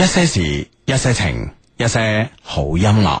一些事，一些情，一些好音樂。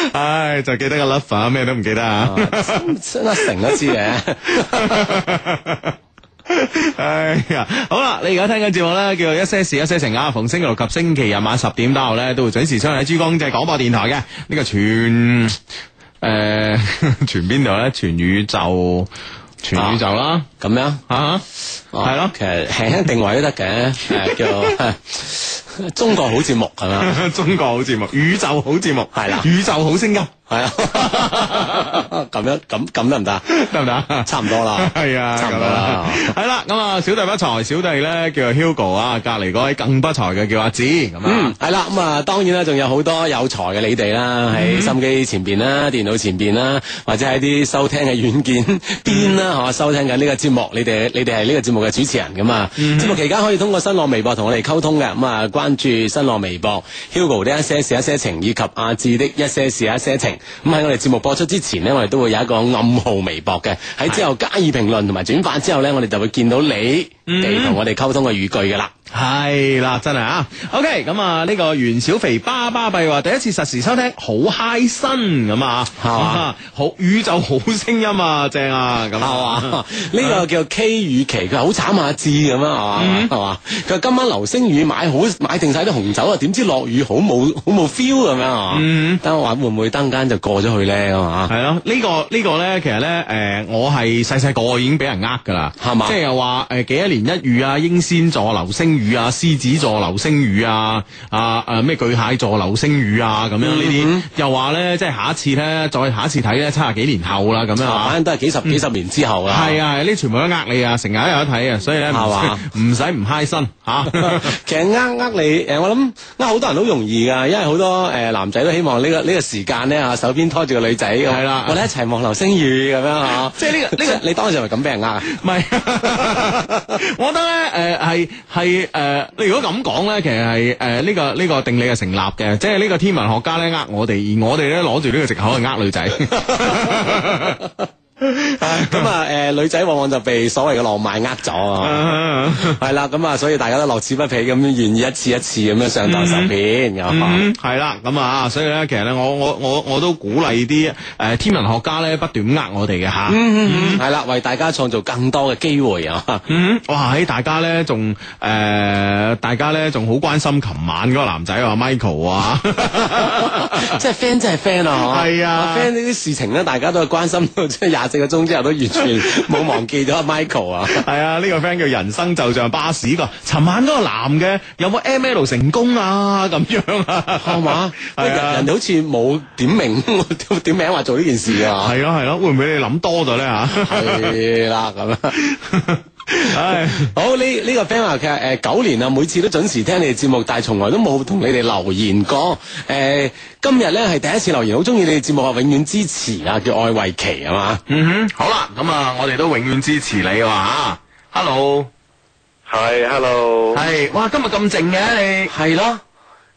唉，就記得個 Lover，咩都唔記得啊！成、 啊、都知嘅， 哎呀，好啦，你而家聽緊節目咧，叫做一些事，一些情啊，逢星期六及星期日晚十點多後咧，都會準時上喺珠江經濟廣播電台嘅。呢、這個全誒、呃，全邊度咧？全宇宙，全宇宙啦，咁樣啊，係咯，其實輕輕定位都得嘅，叫。 中國好節目係嘛？ 中國好節目，宇宙好節目吧宇宙好聲音。係 啊，咁樣咁咁得唔得？得唔得？差唔多啦。係啊，差唔多啦。係啦，咁啊，小弟不才，小弟咧叫 Hugo 啊，隔籬嗰位更不才嘅叫阿志。咁啊，係、嗯、啦，咁、嗯、啊，當然啦，仲有好多有才嘅你哋啦，喺手機前邊啦，電腦前邊啦，或者喺啲收聽嘅軟件邊啦，吓邊、嗯、收聽緊呢個節目。你哋你哋係呢個節目嘅主持人噶啊，節、嗯、目期間可以通過新浪微博同我哋溝通嘅，咁啊關注新浪微博 Hugo 的一些事一些情，以及阿志的一些事一些情。咁喺我哋節目播出之前咧，我哋都會有一個暗號微博嘅，喺之後加以評論同埋轉發之後咧，我哋就會見到你你同我哋溝通嘅語句噶啦。係啦，真係啊！OK，咁啊呢個袁小肥巴巴閉話第一次實時收聽好嗨身咁啊，好宇宙好聲音啊，正啊咁係嘛？呢、啊這個叫 K 雨奇，佢好慘啊，知咁啊係嘛？佢、嗯、話今晚流星雨買好買定晒啲紅酒啊，點知落雨好冇好冇 feel 咁樣啊？嗯，等我話會唔會登間就過咗去咧？係咯，呢個呢個咧，其實咧誒、呃，我係細細個已經俾人的呃噶啦，係嘛？即係又話誒幾一年一遇啊，英仙座流星雨。雨啊，獅子座流星雨啊，啊誒咩巨蟹座流星雨啊，咁樣呢啲，又話咧，即係下一次咧，再下一次睇咧，七十幾年後啦，咁樣，反正都係幾十幾十年之後啊。係啊，呢全部都呃你啊，成日都有得睇啊，所以咧，係嘛，唔使唔嗨身吓。其實呃呃你誒，我諗呃好多人都容易噶，因為好多誒男仔都希望呢個呢個時間咧吓，手邊拖住個女仔，係啦，我哋一齊望流星雨咁樣吓。即係呢個呢個，你當時係咪咁俾人呃？唔係，我覺得咧誒係係。誒、呃，你如果咁講咧，其實係誒呢個呢個定理係成立嘅，即係呢個天文學家咧呃我哋，而我哋咧攞住呢個借口去呃女仔。 咁啊，誒，女仔往往就被所謂嘅浪漫呃咗啊，係啦，咁啊，所以大家都樂此不疲咁，願意一次一次咁樣上當受騙，係啦，咁啊，所以咧，其實咧，我我我我都鼓勵啲誒，天文學家咧不斷呃我哋嘅吓，係啦，為大家創造更多嘅機會啊，哇，喺大家咧仲誒，大家咧仲好關心，琴晚嗰個男仔啊，Michael 啊，即係 friend，即係 friend 啊，係啊，friend 呢啲事情咧，大家都係關心到即係四個鐘之後都完全冇忘記咗阿 Michael 啊，係啊，呢個 friend 叫人生就像巴士㗎，尋晚嗰個男嘅有冇 ML 成功啊？咁樣係嘛？係 嗎人哋、 啊、好似冇點名，點名話做呢件事 啊，係咯係咯，會唔會你諗多咗咧吓？啦 咁啊。 唉，好呢！呢、這個 friend 其實，誒，九年啦，每次都準時聽你哋節目，但係從來都冇同你哋留言過。誒、呃，今日咧係第一次留言，好中意你哋節目啊，永遠支持啊，叫愛維琪，係嘛？嗯哼，好啦，咁啊，我哋都永遠支持你話啊。Hello，係 Hello，係，哇，今日咁靜嘅你，係咯。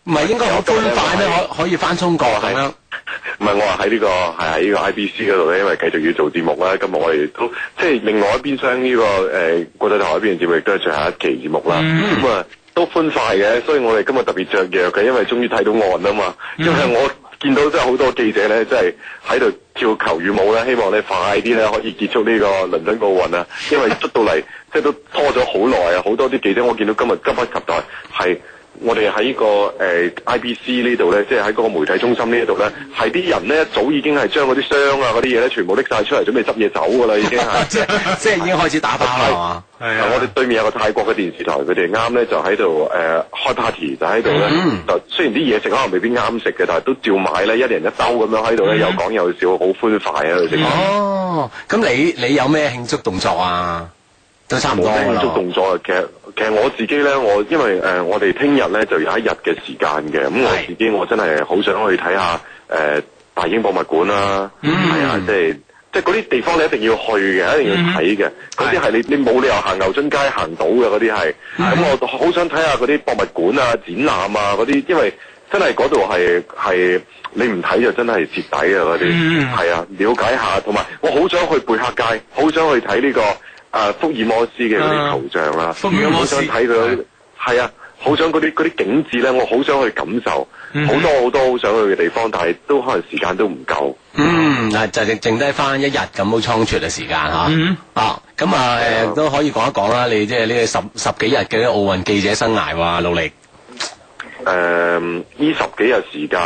唔係應該好歡快咧，可可以翻中國咁樣？唔係我話喺呢個係喺呢個 IBC 嗰度咧，因為繼續要做節目啦。咁我哋都即係另外一邊廂呢個誒、呃、國際台一邊嘅節目，亦都係最後一期節目啦。咁啊、嗯，都歡快嘅。所以我哋今日特別着藥嘅，因為終於睇到岸啊嘛。因為、嗯、我見到即係好多記者咧，即係喺度跳求雨舞啦，希望咧快啲咧可以結束呢個倫敦奧運啊。因為出到嚟 即係都拖咗好耐啊，好多啲記者我見到今日急不及待係。我哋喺個誒、呃、IBC 呢度咧，即係喺嗰個媒體中心呢一度咧，係啲人咧早已經係將嗰啲箱啊、嗰啲嘢咧，全部拎晒出嚟，準備執嘢走噶啦，已經係 即係已經開始打包啦嘛。但的我哋對面有個泰國嘅電視台，佢哋啱咧就喺度誒開 party，就喺度咧，就、嗯、雖然啲嘢食可能未必啱食嘅，但係都照買咧，一人一兜咁樣喺度咧，嗯、有講有笑，好歡快啊！佢哋講哦，咁你你有咩慶祝動作啊？都差唔多啊！慶祝動作嘅。其實我自己咧，我因為誒、呃，我哋聽日咧就有一日嘅時間嘅，咁是我自己我真係好想去睇下誒、呃、大英博物館啦，係啊，即係即係嗰啲地方你一定要去嘅，一定要睇嘅，嗰啲係你你冇理由行牛津街行到嘅嗰啲係，咁、mm hmm. 啊嗯、我好想睇下嗰啲博物館啊、展覽啊嗰啲，因為真係嗰度係係你唔睇就真係蝕底啊嗰啲，係、mm hmm. 啊，了解下，同埋我好想去貝克街，好想去睇呢個。啊，福爾摩斯嘅嗰啲圖像啦，福爾摩斯，我好想睇佢，係啊，好想嗰啲啲景致咧，我好想去感受，好、嗯、哼多好多好想去嘅地方，但係都可能時間都唔夠。嗯，嗱、啊，就剩剩低翻一日咁好倉促嘅時間吓。啊，咁、嗯、哼啊，啊、呃，都可以講一講啦，你即係呢個十十幾日嘅奧運記者生涯喎，努力。誒、嗯，呢十幾日時間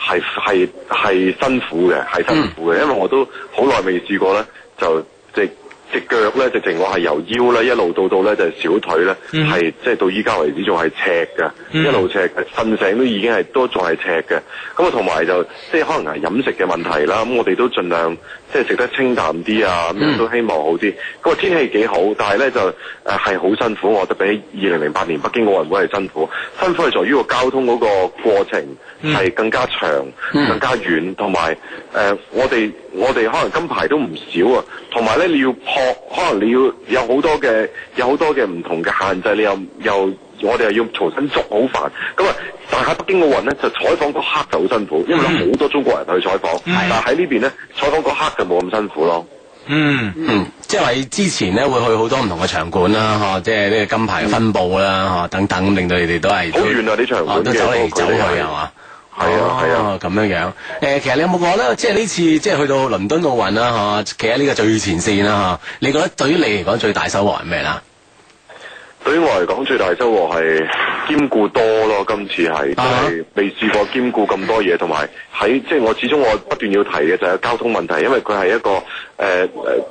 係係係辛苦嘅，係辛苦嘅，嗯、因為我都好耐未試過咧，就即係。隻腳咧，直情我係由腰咧一路到到咧，就係、小腿咧，係、嗯、即係到依家為止仲係赤嘅，嗯、一路赤瞓醒都已經係都仲係赤嘅。咁啊，同埋就即係可能係飲食嘅問題啦。咁我哋都盡量即係食得清淡啲啊，咁樣、嗯、都希望好啲。咁啊，天氣幾好，但係咧就誒係好辛苦，我覺得比二零零八年北京奧運會係辛苦。辛苦係在於個交通嗰個過程係、嗯嗯、更加長、更加遠，同埋誒我哋。我哋可能金牌都唔少啊，同埋咧你要撲，可能你要有好多嘅有好多嘅唔同嘅限制，你又又我哋又要重新捉好煩。咁啊，但喺北京奧運咧，就採訪嗰刻就好辛苦，因為有好多中國人去採訪。嗯、但喺呢邊咧，採訪嗰刻就冇咁辛苦咯、啊。嗯嗯，即係話之前咧會去好多唔同嘅場館啦、啊，嚇、啊，即係呢個金牌分佈啦、啊，嚇、嗯、等等，令到你哋都係好遠啊！啲場館、哦、都走嚟走去係嘛？係啊，咁，啊啊，樣樣。誒，其實你有冇覺得，即係呢次，即係去到倫敦奧運啦，吓，啊，企喺呢個最前線啦，吓，啊。你覺得對於你嚟講，最大收穫係咩啦？對於我嚟講，最大收穫係兼顧多咯。今次係，係未試過兼顧咁多嘢，同埋。喺即係我始終我不斷要提嘅就係交通問題，因為佢係一個誒誒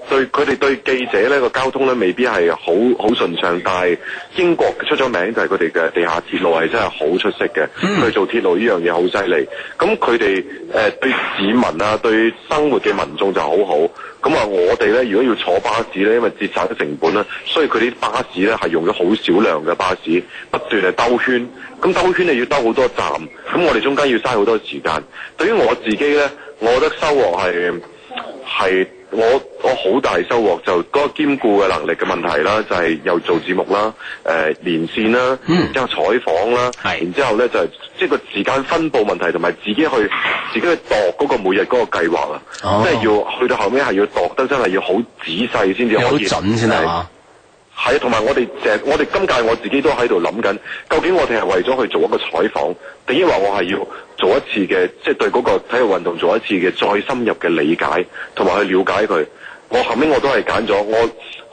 對佢哋對記者呢個交通呢未必係好好順暢，但係英國出咗名就係佢哋嘅地下鐵路係真係好出色嘅，佢做鐵路呢樣嘢好犀利。咁佢哋誒對市民啊對生活嘅民眾就好好。咁啊我哋呢，如果要坐巴士呢，因為節省成本啦，所以佢啲巴士呢係用咗好少量嘅巴士不斷係兜圈，咁兜圈就要兜好多站，咁我哋中間要嘥好多時間。對於我自己呢，我覺得收穫係係我我好大收穫，就嗰個兼顧嘅能力嘅問題啦，就係、是、又做節目啦，誒、呃、連線啦，然之後採訪啦，是然之後呢，就係即係個時間分布問題同埋自己去自己去度嗰個每日嗰個計劃啊，哦、即係要去到後尾係要度得真係要好仔細先至可以準先係。係啊，同埋我哋成，我哋今屆我自己都喺度諗緊，究竟我哋係為咗去做一個採訪，定抑話我係要做一次嘅，即係對嗰個體育運動做一次嘅再深入嘅理解，同埋去了解佢。我後尾我都係揀咗我。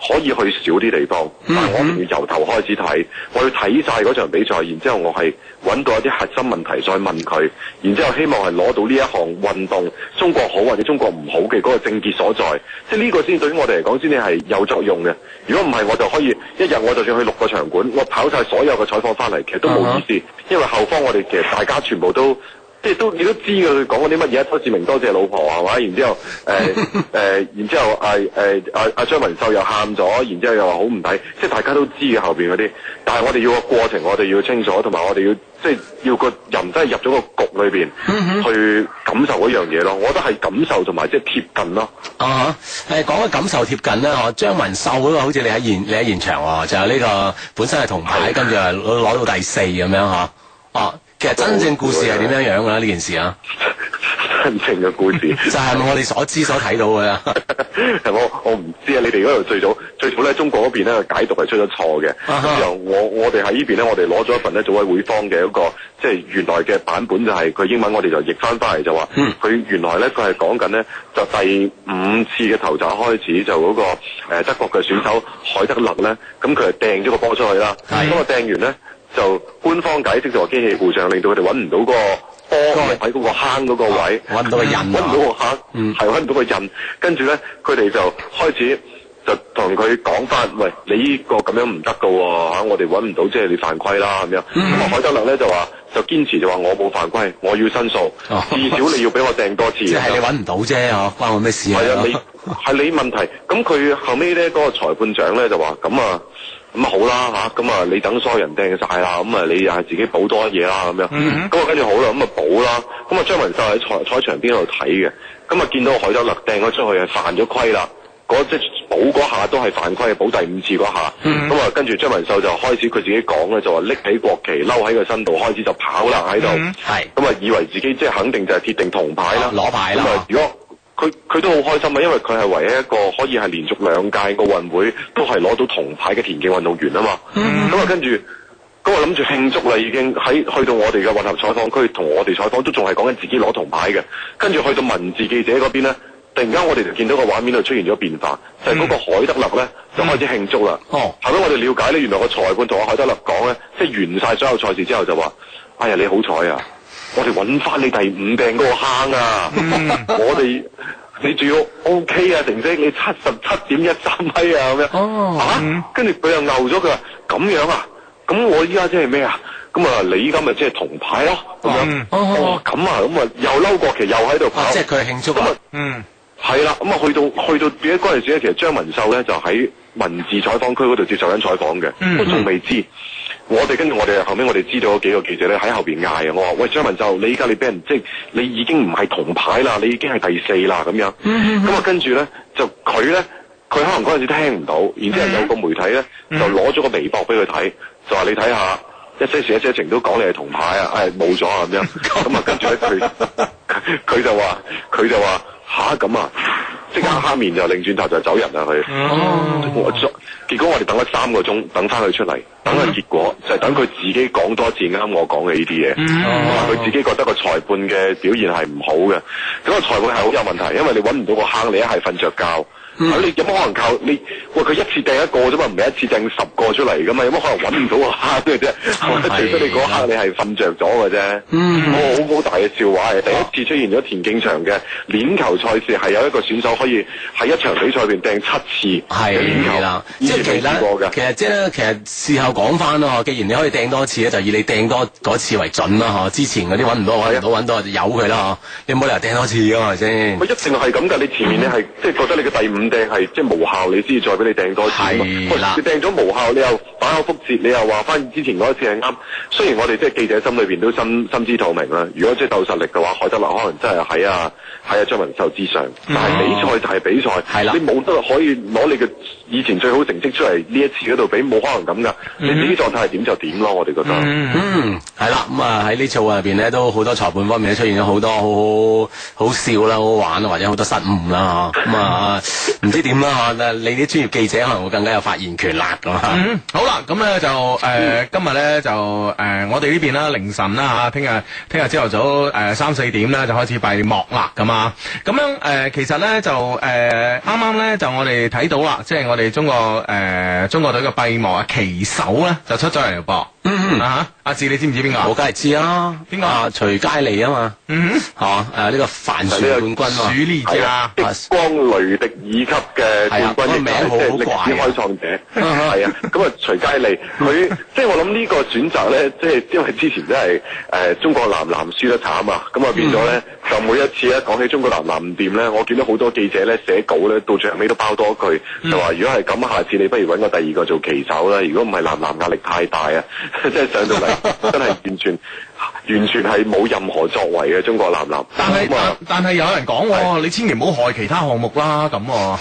可以去少啲地方，但係我仲要由頭開始睇，我要睇晒嗰場比賽，然之後我係揾到一啲核心問題再問佢，然之後希望係攞到呢一項運動中國好或者中國唔好嘅嗰個症結所在，即係呢個先對於我哋嚟講先至係有作用嘅。如果唔係，我就可以一日我就算去六個場館，我跑晒所有嘅採訪翻嚟，其實都冇意思，uh huh. 因為後方我哋其實大家全部都。即係都你都知佢講嗰啲乜嘢，鄒市明多謝老婆係咪？然之後誒誒、呃 呃，然之後阿阿阿張文秀又喊咗，然之後又話好唔抵。即係大家都知後邊嗰啲，但係我哋要個過程，我哋要清楚，同埋我哋要即係要個人真係入咗個局裏邊 去感受嗰樣嘢咯。我覺得係感受同埋即係貼近咯。啊，誒、哎，講嘅感受貼近咧，嗬，張文秀嗰個好似你喺現你喺現場，就係、是、呢、這個本身係銅牌，跟住係攞到第四咁樣嗬。哦、啊。啊其實真正故事係點樣樣噶啦，呢件事啊， 真正嘅的故事 就係我哋所知所睇到嘅。 啦，係我我唔知啊！你哋嗰度最早最早咧，中國嗰邊咧解讀係出咗錯嘅。咁之後我我哋喺呢邊咧，我哋攞咗一份咧，組委會方嘅一、那個即係、就是、原來嘅版本就係、是、佢英文，我哋就譯翻翻嚟就話，佢、嗯、原來咧佢係講緊咧就第五次嘅投擲開始就嗰、那個誒德國嘅選手海德勒咧，咁佢係掟咗個波出去啦，咁啊掟完咧。就官方解釋就話機器故障，令到佢哋揾唔到嗰個波喺嗰個坑嗰個位，揾唔到印，啊，揾唔到個坑，係揾唔到個印。跟住咧，佢哋就開始就同佢講翻，喂，你呢個咁樣唔得噶喎，我哋揾唔到，即、就、係、是、你犯規啦咁樣。咁啊、嗯，海德勒咧就話就堅持就話我冇犯規，我要申訴，哦、至少你要俾我掟多次。即 你揾唔到啫，啊，嚇關我咩事啊？ 係啊，你係你問題。咁佢後尾咧嗰個裁判長咧就話，咁啊。咁啊好啦嚇，咁啊你等所有人掟晒啦，咁啊你又係自己補多嘢啦咁樣。咁啊、嗯、哼跟住好啦，咁、嗯、啊補啦。咁、嗯、啊張文秀喺賽賽場邊度睇嘅，咁、嗯、啊見到海德勒掟咗出去啊，犯咗規啦。嗰、那個、即係補嗰下都係犯規，補第五次嗰下。咁啊、嗯哼嗯、跟住張文秀就開始佢自己講咧，就話拎起國旗嬲喺個身度，開始就跑啦喺度。係。咁啊、嗯哼嗯、以為自己即係肯定就係鐵定銅牌啦，攞、啊、牌啦。啊啊、如果佢佢都好開心啊，因為佢係唯一一個可以係連續兩屆奧運會都係攞到銅牌嘅田徑運動員啊嘛。咁啊跟住，咁啊諗住慶祝啦，已經喺去到我哋嘅混合採訪區同我哋採訪都仲係講緊自己攞銅牌嘅。跟住去到文字記者嗰邊呢，突然間我哋就見到個畫面就出現咗變化，就係、是、嗰個海德勒呢就開始慶祝啦。嗯嗯、後尾我哋了解呢，原來個裁判同阿海德勒講呢，即係完晒所有賽事之後就話，哎呀你好彩啊！我哋揾翻你第五名嗰個坑啊！我哋你仲要 OK 啊，成績，你七十七點一三米啊咁樣啊！跟住佢又拗咗佢，咁樣啊？咁我依家即係咩啊？咁啊，你依家咪即係銅牌咯？咁樣哦，咁啊，咁啊，又攞國旗，又喺度跑，即係佢慶祝啊！嗯，係啦，咁啊，去到去到點解嗰陣時咧，其實張文秀咧就喺文字採訪區嗰度接受緊採訪嘅，都仲未知。我哋跟住我哋後尾，我哋知道嗰幾個記者咧喺後邊嗌啊！我話：喂張文秀，你依家你俾人即係你已經唔係銅牌啦，你已經係第四啦咁樣。咁啊、mm，hmm. 跟住咧就佢咧，佢可能嗰陣時聽唔到，然之後有個媒體咧就攞咗個微博俾佢睇，就話你睇下一些事一些情都講你係銅牌啊，誒冇咗啊咁樣。咁 啊，跟住咧佢佢就話佢就話嚇咁啊！即刻黑面就擰轉頭就走人啦佢，哦、結果我哋等咗三個鐘，等翻佢出嚟，等個結果，嗯、就係等佢自己講多次啱我講嘅呢啲嘢，佢、嗯、自己覺得裁、嗰個裁判嘅表現係唔好嘅，咁個裁判係好有問題，因為你搵唔到個坑，你一係瞓着覺。你有乜可能靠你？喂，佢一次掟一個啫嘛，唔係一次掟十個出嚟噶嘛，有乜可能揾唔到啊？即係即係，除非你嗰刻你係瞓着咗嘅啫。好好大嘅笑話，第一次出現咗田徑場嘅鏈球賽事，係有一個選手可以喺一場比賽入邊掟七次。係啦，即係其實，其實即係其實事後講翻咯，既然你可以掟多次就以你掟多嗰次為準啦，之前嗰啲揾唔到，揾唔到揾到，由佢啦，你冇理由掟多次，係咪先？一定係咁噶，你前面你係即係覺得你嘅第五掟係即係無效，你先至再俾你掟多次。的你掟咗無效，你又反口覆節，你又話返之前嗰一次係啱。雖然我哋即係記者心裏邊都心心知肚明啦。如果即係鬥實力嘅話，海德立可能真係喺啊喺啊張文秀之上。但係比賽就係比賽，嗯哦、你冇得可以攞你嘅以前最好成績出嚟呢一次嗰度比，冇、嗯、可，可能咁㗎。你自己狀態係點就點咯。我哋覺得嗯，嗯，係啦。咁啊喺呢次會入邊咧，都好多裁判方面出現咗好多好好，好笑啦、好玩或者好多失誤啦。咁啊～ 唔知點啦、嗯啊、你啲專業記者可能會更加有發言權啦咁吓。好啦，咁咧就誒、呃，今日咧就誒、呃，我哋呢邊啦，凌晨啦吓，聽日聽日朝頭早誒、呃、三四點咧就開始閉幕啦，咁啊，咁樣誒，其實咧就誒，啱啱咧就我哋睇到啦，即、就、係、是、我哋中國誒、呃，中國隊嘅閉幕旗手咧就出咗嚟噃。嗯啊，阿志你知唔知邊個？我梗係知啦，邊個？啊，徐佳麗啊嘛。嗯，吓誒呢個帆船冠軍嘛。係啊。光雷迪爾級嘅冠軍，即係歷史開創者。係啊。咁啊，徐佳麗佢即係我諗呢個選擇咧，即係因為之前真係誒中國男籃輸得慘啊，咁啊變咗咧就每一次咧講起中國男籃唔掂咧，我見到好多記者咧寫稿咧到最後尾都包多一句，就話如果係咁，下次你不如搵個第二個做旗手啦。如果唔係男籃壓力太大啊。 真係上到嚟，真係完全完全係冇任何作為嘅中國男籃。但係是、嗯、但但係有人講喎，是你千祈唔好害其他項目啦，咁啊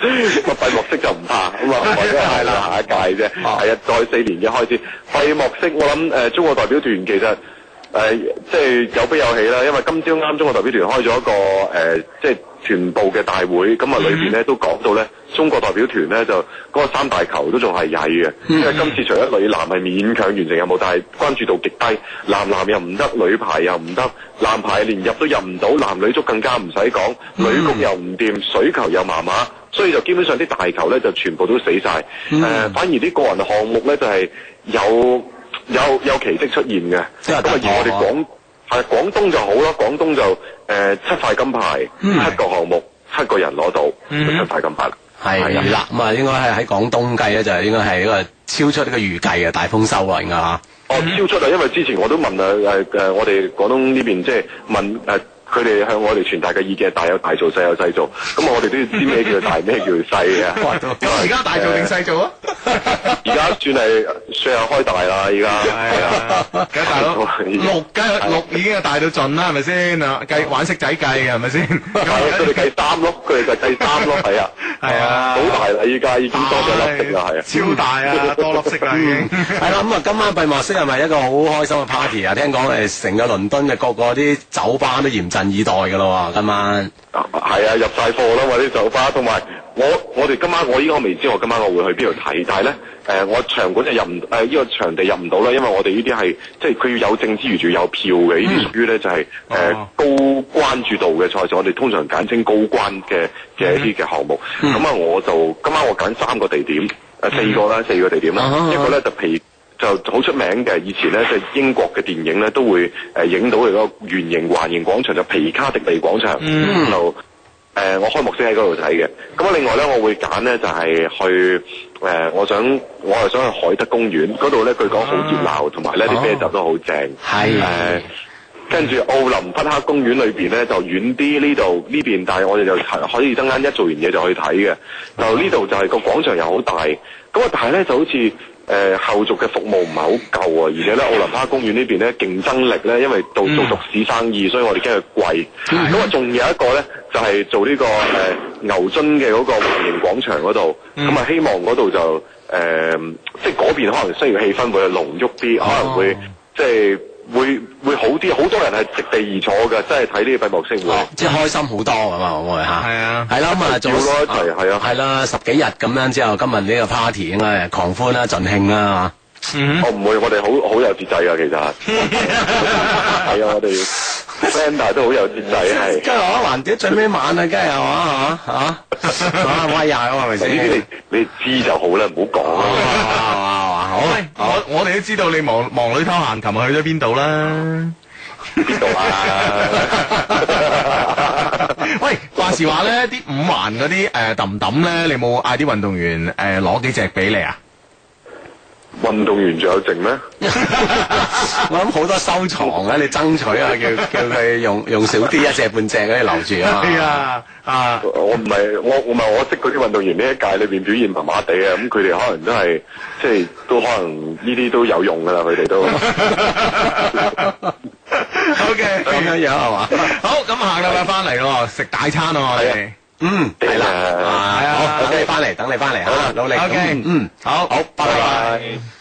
個閉幕式就唔怕咁啊，都係 下，下一屆啫。係啊， 再四年嘅開始，閉幕式我諗誒中國代表團其實。誒、呃，即係有悲有喜啦，因為今朝啱中國代表團開咗一個誒、呃，即係全部嘅大會，咁啊裏邊咧都講到咧，中國代表團咧就嗰，那個三大球都仲係曳嘅，嗯，因為今次除咗女籃係勉強完成任務，但係關注度極低，男籃又唔得，女排又唔得，男排連入都入唔到，男女足更加唔使講，女局又唔掂，水球又麻麻，所以就基本上啲大球咧就全部都死晒，誒、嗯呃，反而啲個人項目咧就係、是、有。有有奇蹟出現嘅，即係咁啊！以我哋廣係廣東就好啦，廣東就誒七塊金牌，七個項目，七個人攞到七塊金牌，係啦。咁啊，應該係喺廣東計咧，就係應該係一個超出呢個預計嘅大豐收啊，應該嚇。哦，超出啊！因為之前我都問啊誒誒，我哋廣東呢邊即係問誒。佢哋向我哋傳達嘅意見係大有大做，細有細做。咁我哋都要知咩叫大，咩 叫細 啊？咁而家大做定細做啊？而家算係算係開大啦，而家。梗係大咯，六六已經係大到盡啦，係咪先啊？計玩色仔計嘅係咪先？係佢哋計三咯，佢哋就係計三咯，係啊，係 啊，好大啦！依家已經多咗粒嘅啦，係啊，超大啊， 多粒色啦已經。係啦，咁啊，今晚閉幕式係咪一個好開心嘅 party 啊？聽講誒，成個倫敦嘅各個啲酒吧都嚴第二代嘅咯，今晚係啊，啊，入晒貨啦，或者酒吧，同埋我我哋今晚我依家未知我今晚我會去邊度睇，但係咧，誒、呃，我場館就入唔誒，呢、呃這個場地入唔到啦，因為我哋呢啲係即係佢要有證之餘，仲有票嘅。屬於呢啲屬於咧就係、是、誒、嗯呃、高關注度嘅賽事，我哋通常簡稱高關嘅嘅一啲嘅項目。咁啊、嗯，嗯、我就今晚我揀三個地點，誒，四個啦，嗯、四個地點啦，一個咧就譬。就好出名嘅，以前呢，就是、英國嘅電影呢都會誒影、呃、到佢個圓形環形廣場，就是、皮卡迪利廣場。就誒、嗯呃、我開幕式喺嗰度睇嘅。咁啊，另外呢，我會揀呢，就係、是、去誒、呃，我想我係想去海德公園嗰度呢，據講好熱鬧，同埋、啊、呢啲啤酒都好正。係。跟住奧林匹克公園裏邊呢，就遠啲呢度呢邊，但係我哋就可以陣間一，旦一旦做完嘢就去睇嘅。嗯、就呢度就係個廣場又好大，咁啊，但係呢，就好似。誒、呃、後續嘅服務唔係好夠啊，而且咧奧林巴公園邊呢邊咧競爭力咧，因為到做獨市生意，所以我哋驚佢貴。咁啊、嗯嗯，仲有一個咧，就係、是、做呢、這個誒、呃、牛津嘅嗰個環形廣場嗰度，咁、嗯、啊、嗯、希望嗰度就誒、呃，即係嗰邊可能需要氣氛會係濃郁啲，哦、可能會即係。會會好啲，好多人係席地而坐嘅、啊，即係睇呢個閉幕式會，即係開心好多咁嘛，我哋吓係啊，係啦，咁啊，做咗一齊係啊，係啦、啊，啊、十幾日咁樣。之後今日呢個 party 應該係啊，狂歡啦，盡興啦。我唔、mm hmm. oh, 會，我哋好好有節制啊。其實係啊， 我哋 friend 但都好有節制，係。今日我橫掂最尾晚啊，梗係係嘛，吓吓威呀，係咪先？你你知就好啦，唔好講。好，我哋都知道你忙忙裏偷閒，琴日去咗邊度啦？邊 度裡啊？ 喂，話時話咧，啲五環嗰啲誒，揼揼咧，你冇嗌啲運動員誒，攞、呃、幾隻俾你啊？運動員仲有剩咩？ 我諗好多收藏啊！你爭取啊，叫叫佢用用少啲一,一隻半隻咧留住 啊！啊！我唔係我我唔係我識嗰啲運動員呢一屆裏邊表現麻麻地啊！咁佢哋可能都係即係都可能呢啲都有用噶 啦，佢哋都。OK，咁樣樣係嘛？好，咁下個禮拜翻嚟咯，食大餐啊我哋。你 嗯，係啦，係啊，好，等你翻嚟，等你翻嚟吓，努力，OK，嗯，好好，拜拜。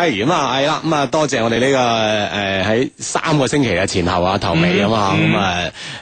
係咁啊，係啦，咁啊，多謝我哋呢個誒喺三個星期嘅前後啊頭尾啊嘛，咁啊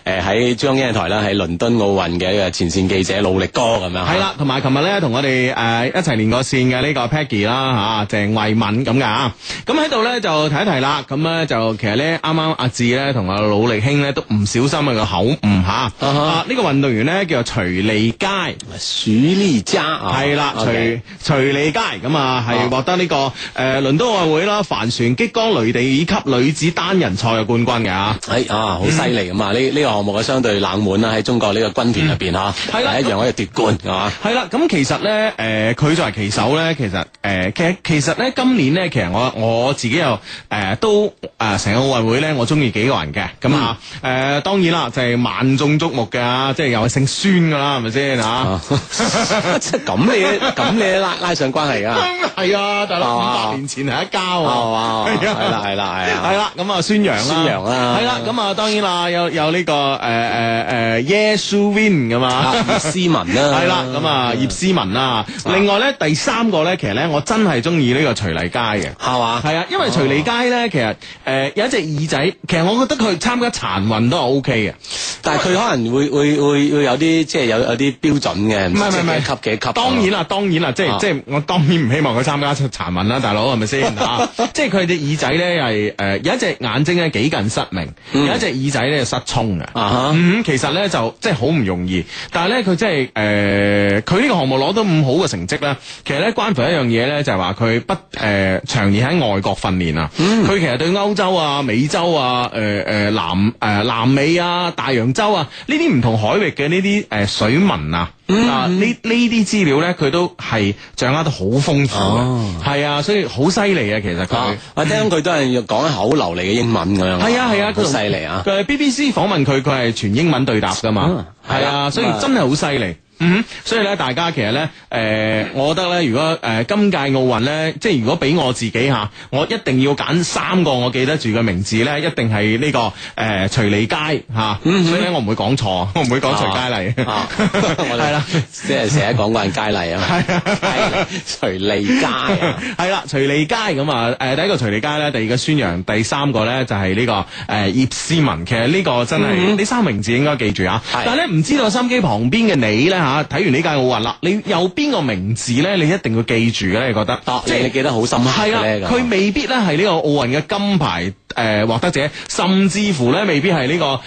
誒喺中央台啦，喺倫敦奧運嘅前線記者努力哥咁樣。係啦，同埋琴日咧同我哋誒一齊連個線嘅呢個 Peggy 啦，吓鄭慧敏咁嘅吓，咁喺度咧就提一提啦，咁咧就其實咧啱啱阿志咧同阿努力兄咧都唔小心啊個口誤吓，啊呢個運動員咧叫做徐莉佳唔係許麗佳，係啦徐徐莉佳咁啊係獲得呢個誒。倫敦奧運會啦，帆船激光雷地以及女子單人賽嘅冠軍嘅吓，係啊，好犀利咁啊！呢呢、嗯啊這個項目嘅相對冷門啦，喺中國呢個軍團入邊吓，係、嗯啊、一樣可以奪冠係嘛？係啦、嗯，咁其實咧，誒，佢作為旗手咧，其實誒、呃，其實、呃、其實咧，今年咧，其實我我自己又誒、呃，都誒，成、呃、個奧運會咧，我中意幾個人嘅咁、嗯嗯、啊，誒、呃，當然啦，就係、是、萬眾矚目嘅啊，即係又係姓孫噶啦，係咪先啊？咁 你咁你拉拉上關係啊？係、 嗯、啊，大佬。前係一家啊，係嘛，係啦係啦係，係啦咁啊，孫楊孫楊啦，係啦咁啊，當然啦，有有呢個誒誒誒耶穌 win 㗎嘛，葉詩文啦，係啦，咁啊葉詩文啦，另外咧第三個咧，其實咧我真係中意呢個徐麗佳嘅，係嘛、啊啊，係啊，因為徐麗佳咧，其實誒、呃、有一隻耳仔，其實我覺得佢參加殘運都係 O K 嘅，但係佢可能會會會會，會有啲即係有有啲標準嘅，唔係唔係唔係，級、啊？當然啦，當然啦，即係、啊、即係我當然唔希望佢參加殘運啦，大佬。咪先嚇， 即係佢隻耳仔咧，係、呃、誒有一隻眼睛咧幾近失明，嗯、有一隻耳仔咧失聰嘅。Uh huh. 嗯，其實咧就即係好唔容易，但係咧佢即係誒，佢呢、就是呃、個項目攞到咁好嘅成績咧，其實咧關乎一樣嘢咧，就係話佢不誒、呃、長年喺外國訓練啊。佢、嗯、其實對歐洲啊、美洲啊、誒、呃、誒、呃、南誒、呃、南美啊、大洋洲啊呢啲唔同海域嘅呢啲誒水文啊。嗱，呢，呢啲資料咧，佢都係掌握得好豐富嘅，係、哦、啊，所以好犀利啊。其實佢，我、啊、聽佢都係講一口流利嘅英文咁樣，係啊係啊，佢好犀利啊！佢係 BBC 訪問佢，佢係全英文對答噶嘛，係、嗯、啊，啊所以真係好犀利。啊。嗯，所以咧，大家其實咧，誒、呃，我覺得咧，如果誒、呃、今屆奧運咧，即係如果俾我自己吓、啊，我一定要揀三個我記得住嘅名字咧，一定係呢、這個誒、呃、徐利佳吓、啊，所以咧我唔會講錯，我唔會講徐佳麗，係、啊啊、 啦，即係成日講個人佳麗啊嘛，徐利佳啊，係啦，徐利佳咁啊，誒、呃呃、第一個徐利佳咧，第二個孫楊，第三個咧就係、是、呢、這個誒葉詩文，其實呢個真係、嗯、你三名字應該記住啊，是但係咧唔知道心機旁邊嘅你咧。睇完呢屆奧運啦，你有邊個名字咧？你一定要記住嘅咧，你覺得？啊、即係你記得好深刻咧？佢、啊、未必咧係呢個奧運嘅金牌誒獲、呃、得者，甚至乎咧未必係呢、這個誒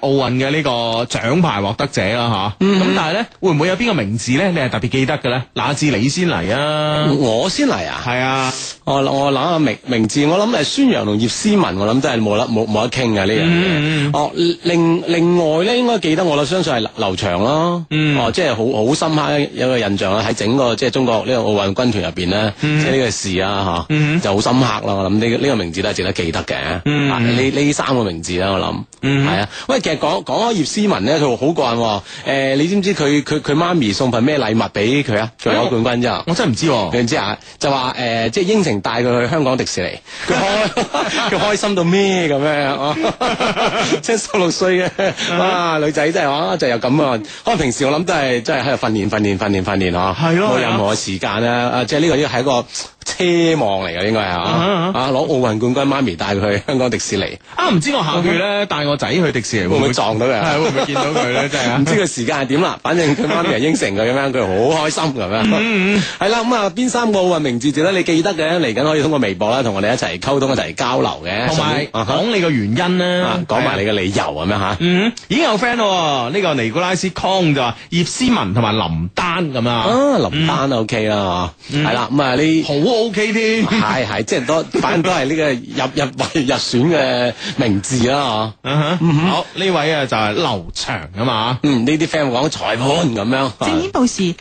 奧運嘅呢個獎牌獲得者啦，吓、啊。咁、嗯、但係咧，會唔會有邊個名字咧？你係特別記得嘅咧？哪至你先嚟啊？我先嚟啊？係啊！我我諗下名名字，我諗誒孫楊同葉詩文，我諗真係冇得冇冇得傾嘅呢樣嘢。嗯嗯、哦，另另外咧，應該記得我諗，我相信係劉翔咯。即、嗯嗯即係好好深刻有個印象啦！喺整個即係中國呢個奧運軍團入邊咧，mm hmm. 即係呢個事啊吓，mm hmm. 就好深刻啦！我諗呢呢個名字都係值得記得嘅。呢呢、mm hmm. 啊、三個名字啦、啊，我諗係、mm hmm. 啊。喂，其實講講開葉詩文咧，佢好慣。誒、呃，你知唔知佢佢佢媽咪送份咩禮物俾佢啊？佢攞、啊、冠軍之後？我真係唔知、啊。你唔知啊？就話誒、呃，即係應承帶佢去香港迪士尼。佢開佢開心到咩咁樣？即係十六歲嘅哇， 女仔真係哇、啊，就是、又咁啊！ 可能平時我諗都係。即係喺度訓練訓練訓練訓練係咯，冇、哦、嘅任何時間啦，啊，即係呢個呢個係一個。奢望嚟噶，應該係嚇，啊攞奧運冠軍媽咪帶佢去香港迪士尼。啊，唔知我下月咧帶我仔去迪士尼會唔會撞到佢？係會唔會見到佢咧？即係唔知個時間係點啦。反正佢媽咪係應承佢咁樣，佢好開心咁樣。嗯嗯，係啦。咁啊，邊三個奧運名字就咧你記得嘅咧？嚟緊可以通過微博啦，同我哋一齊溝通一齊交流嘅。同埋講你個原因咧，講埋你嘅理由咁樣嚇。嗯，已經有 friend 喎，呢個尼古拉斯康就話葉詩文同埋林丹咁啊。啊，林丹 OK 啦嚇。係啦，咁啊你好。OK 添，係係即係都，反正都係呢個入入入選嘅名字啦，嗬、 啊。好，呢位啊，就係劉翔啊嘛。嗯，呢啲 friend 講裁判咁樣。正經報時。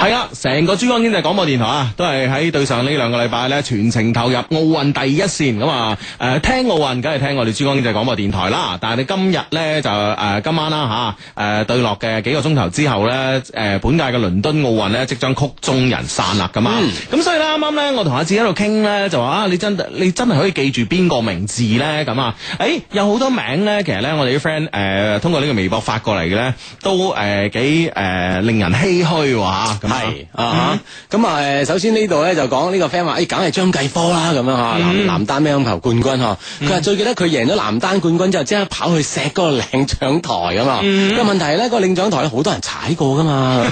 係啦，成個珠江經濟廣播電台啊，都係喺對上呢兩個禮拜呢，全程投入奧運第一綫咁啊！誒、嗯，聽奧運梗係聽我哋珠江經濟廣播電台啦。但係你今日呢，就誒、呃、今晚啦吓誒對落嘅幾個鐘頭之後呢，誒、呃、本屆嘅倫敦奧運呢，即將曲終人散啦，噶啊、嗯，咁所以呢，啱啱呢，我同阿志喺度傾呢，就話啊，你真你真係可以記住邊個名字呢。咁啊？誒、欸，有好多名呢，其實呢，我哋啲 friend 誒通過呢個微博發過嚟嘅呢，都誒幾誒令人唏噓係啊吓，咁啊，首先呢度咧就講呢個 friend 話，誒，梗係張繼科啦，咁樣吓，男男單乒乓球冠軍吓，佢話最記得佢贏咗男單冠軍之後即刻跑去錫個領獎台啊嘛，個問題咧，個領獎台好多人踩過噶嘛，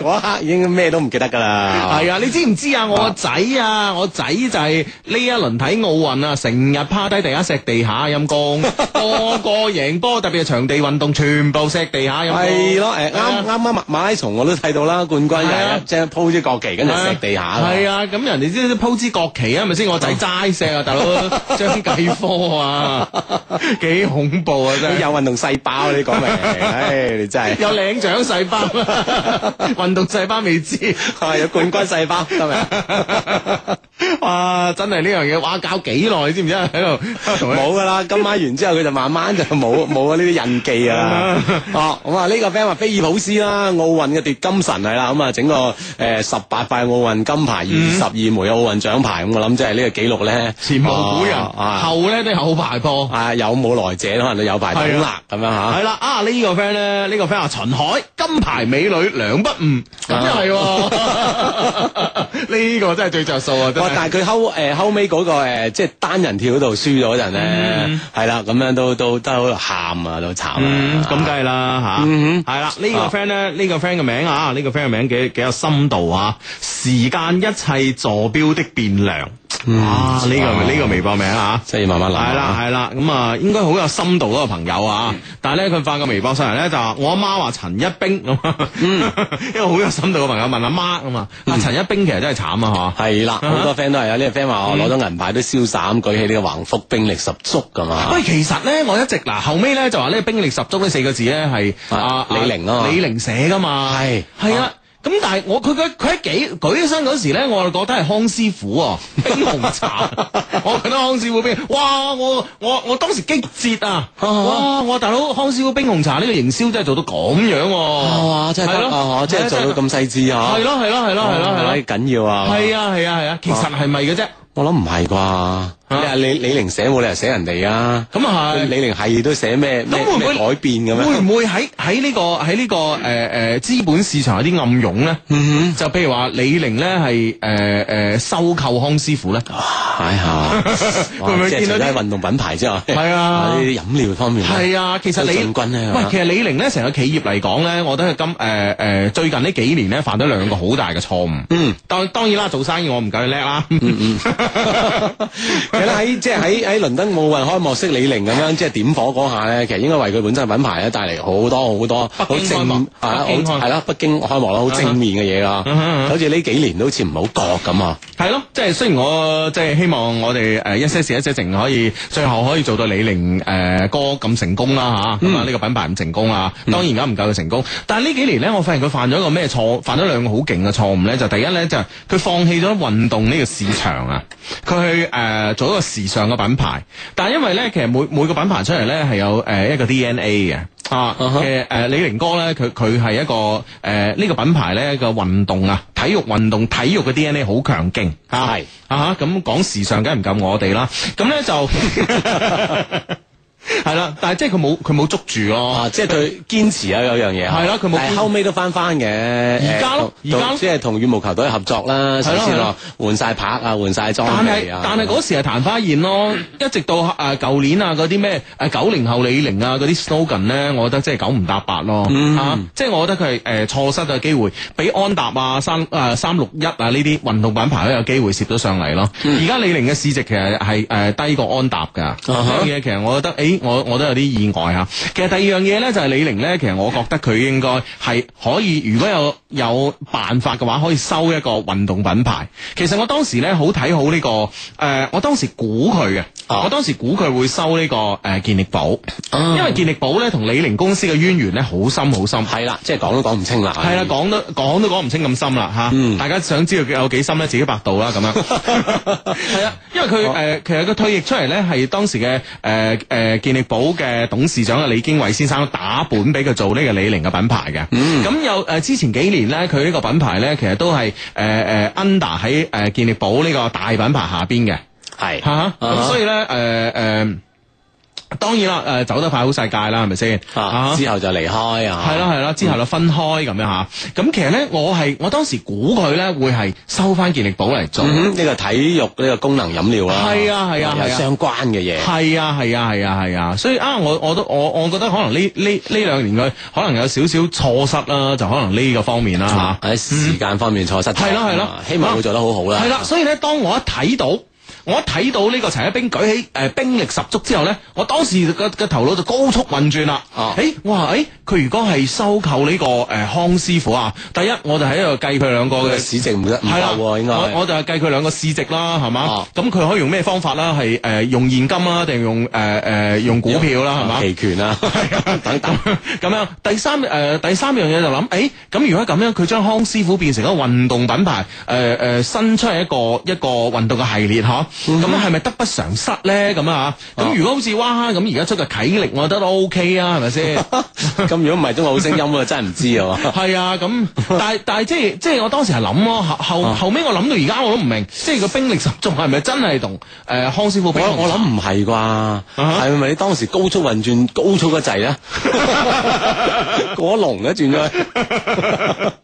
嗰刻已經咩都唔記得噶啦。係啊，你知唔知啊？我個仔啊，我仔就係呢一輪睇奧運啊，成日趴低地下錫地下陰功，個個贏波，特別係場地運動，全部錫地下陰功。係咯，誒，啱啱啱馬馬拉松我都睇到啦。啊！冠軍啊，即係鋪支國旗，跟住錫地下。係啊，咁人哋知係鋪支國旗啊，係咪先？我仔係齋錫啊，大佬張繼科啊，幾恐怖啊！有運動細胞，你講明，唉，你真係有領獎細胞，運動細胞未知，有冠軍細胞得未？哇！真係呢樣嘢，哇搞幾耐，知唔知啊？喺度冇噶啦，今晚完之後佢就慢慢就冇冇啊呢啲印記 啊！哦，我話呢個 friend 話菲爾普斯啦，奧運嘅奪金神係啦，咁啊整、嗯嗯、個誒十八塊奧運金牌，二十二枚嘅奧運獎牌，咁我諗即係呢個紀錄咧前無古人，啊啊、後咧都有好排破。係、啊、有冇來者，可能都有排破啦咁樣吓。係啦、啊，啊，啊，啊，啊、這個、呢、這個 friend 咧，呢個 friend 話秦海金牌美女兩不誤，咁真係呢個真係最着數啊！但係佢後誒後尾個誒即係單人跳度輸咗人咧，係啦咁樣都都都度喊啊，都慘啊！咁梗係啦吓，係啦呢個 friend 咧呢個 friend 嘅名啊呢個 friend 嘅名幾幾有深度啊！時間一切坐標的變量啊！呢個呢個微博名啊，即係慢慢諗係啦係啦，咁啊應該好有深度個朋友啊！但係咧佢發個微博上嚟咧就我阿媽話陳一冰咁，因為好有深度嘅朋友問阿媽啊嘛，阿陳一冰其實真係慘啊吓，係啦好多。friend 都係啊，呢個 friend 話我攞咗銀牌都瀟灑，舉起呢個橫幅，兵力十足咁嘛。喂，其實咧，我一直嗱後尾咧就話咧，兵力十足呢四個字咧係阿李寧咯，李寧寫噶嘛，係係是啊。啊咁但係我佢佢佢喺幾舉起身嗰時咧，我就覺得係康師傅啊，冰紅茶， 我覺得康師傅冰，哇！我我我當時激節啊，哇！我大佬康師傅冰紅茶呢個營銷真係做到咁樣，哇！真係得啊，真係做到咁細緻啊，係咯係咯係咯係咯係咯，緊要啊，係啊係啊係啊，其實係咪嘅啫？我諗唔係啩。咩啊？李李寧寫冇理由寫人哋啊！咁啊係，李寧係都寫咩？咁會唔會改變咁？會唔會喺喺呢個喺呢個誒誒資本市場有啲暗湧咧？就譬如話李寧咧係誒誒收購康師傅咧？睇下，會唔會變到啲運動品牌啫？係啊，喺飲料方面係啊。其實李喂，其實李寧咧成個企業嚟講咧，我覺得咁誒誒，最近呢幾年咧犯咗兩個好大嘅錯誤。嗯，當當然啦，做生意我唔夠你叻啦。係喺即係喺喺倫敦奧運開幕式李寧咁樣即係點火嗰下咧，其實應該為佢本身品牌咧帶嚟好多好多好正，係啦，北京開幕啦，好正面嘅嘢啦。好似呢幾年都好似唔係好覺咁啊。係咯、嗯，即、嗯、係雖然我即係希望我哋誒、嗯呃、一些事一些情可以最後可以做到李寧誒歌咁成功啦嚇，咁啊呢、啊嗯、個品牌唔成功啦。當然而家唔夠佢成功，但係呢幾年咧，我發現佢犯咗一個咩錯？犯咗兩個好勁嘅錯誤咧，就第一咧就係佢放棄咗運動呢個市場啊，佢誒。呃嗰個時尚嘅品牌，但係因為呢，其實每每個品牌出嚟呢係有誒、呃、一個 DNA 嘅啊、啊、呃、李寧哥呢，佢佢係一個誒呢、呃這個品牌呢個運動啊，體育運動、體育嘅 DNA 好強勁吓，係咁講時尚梗係唔夠我哋啦，咁呢、啊、就。 係啦，但係即係佢冇佢冇捉住咯，即係對堅持啊有樣嘢係啦，佢冇，但係後尾都翻翻嘅。而家咯，而家即係同羽毛球隊合作啦，先咯，換晒拍啊，換晒裝。但係嗰時係曇花現咯，一直到誒舊年啊嗰啲咩誒九零後李寧啊嗰啲 slogan 咧，我覺得即係九唔搭八咯，吓，即係我覺得佢係誒錯失嘅機會，俾安踏啊三誒三六一啊呢啲運動品牌都有機會攝咗上嚟咯。而家李寧嘅市值其實係誒低過安踏噶，啲嘢其實我覺得誒。我我都有啲意外哈、啊，其實第二樣嘢咧就係、是、李寧咧，其實我覺得佢應該係可以，如果有有辦法嘅話，可以收一個運動品牌。其實我當時咧好睇，好呢、這個誒、呃，我當時估佢嘅，啊、我當時估佢會收呢、這個誒健、呃、力寶，啊、因為健力寶咧同李寧公司嘅淵源咧好深好深。係啦，即係講都講唔清啦。係啦， 講都講都講唔清咁深啦吓。嗯、大家想知道有幾深咧？自己百度啦咁樣。係啊，因為佢誒、呃，其實佢退役出嚟咧，係當時嘅誒誒。呃呃呃呃健力寶嘅董事長啊，李經緯先生打本俾佢做呢個李寧嘅品牌嘅。咁、嗯、有誒、呃、之前幾年咧佢呢個品牌咧其實都係誒誒 under 喺誒健力寶呢個大品牌下邊嘅，係，吓吓，咁所以咧誒誒。呃呃當然啦，誒走得快好世界啦，係咪先？啊，之後就離開啊，係咯係咯，之後就分開咁樣嚇。咁其實咧，我係我當時估佢咧會係收翻健力寶嚟做呢個體育呢個功能飲料啦。係啊係啊係啊，相關嘅嘢。係啊係啊係啊係啊，所以啊，我我都我我覺得可能呢呢呢兩年佢可能有少少錯失啦，就可能呢個方面啦嚇。喺時間方面錯失。係咯係咯，希望佢做得好好啦。係啦，所以咧，當我一睇到。我一睇到呢個陳一冰舉起誒、呃、兵力十足之後咧，我當時個個頭腦就高速運轉啦。哦、啊，誒、欸，哇，誒、欸，佢如果係收購呢、這個誒、呃、康師傅啊，第一，我就喺度計佢兩個嘅市值唔得唔夠、啊啊、應該。我就係計佢兩個市值啦，係嘛？咁佢、啊、可以用咩方法啦？係誒、呃、用現金啊，定用誒誒、呃、用股票啦、啊，係嘛、啊？期權啦， 等下 等咁樣下、 呃。第三誒第三樣嘢就諗，誒、欸、咁如果咁樣，佢將康師傅變成一個運動品牌，誒誒新出一個一個運動嘅系列，嗬？咁係咪得不償失咧？咁啊，咁如果好似哇咁，而家出個體力，我覺得都 O、OK、K 啊，係咪先？咁 如果唔係《中國好聲音》我 啊，真係唔知啊。係啊，咁但係但係即係即係我當時係諗咯，后後尾我諗到而家我都唔明，即係個兵力十足係咪真係同誒康師傅比？我諗唔係啩，係咪 你當時高速運轉高速個掣咧過咗龍咧轉咗？ 轉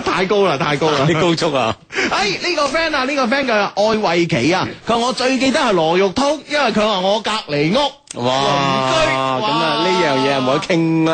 太高啦，太高啦啲高速、 哎這個、啊！誒，呢個 friend 啊，呢個 friend 叫係愛慧琪啊，佢話我最記得係羅玉通，因為佢話我隔離屋。哇，咁啊呢樣嘢唔好傾啦，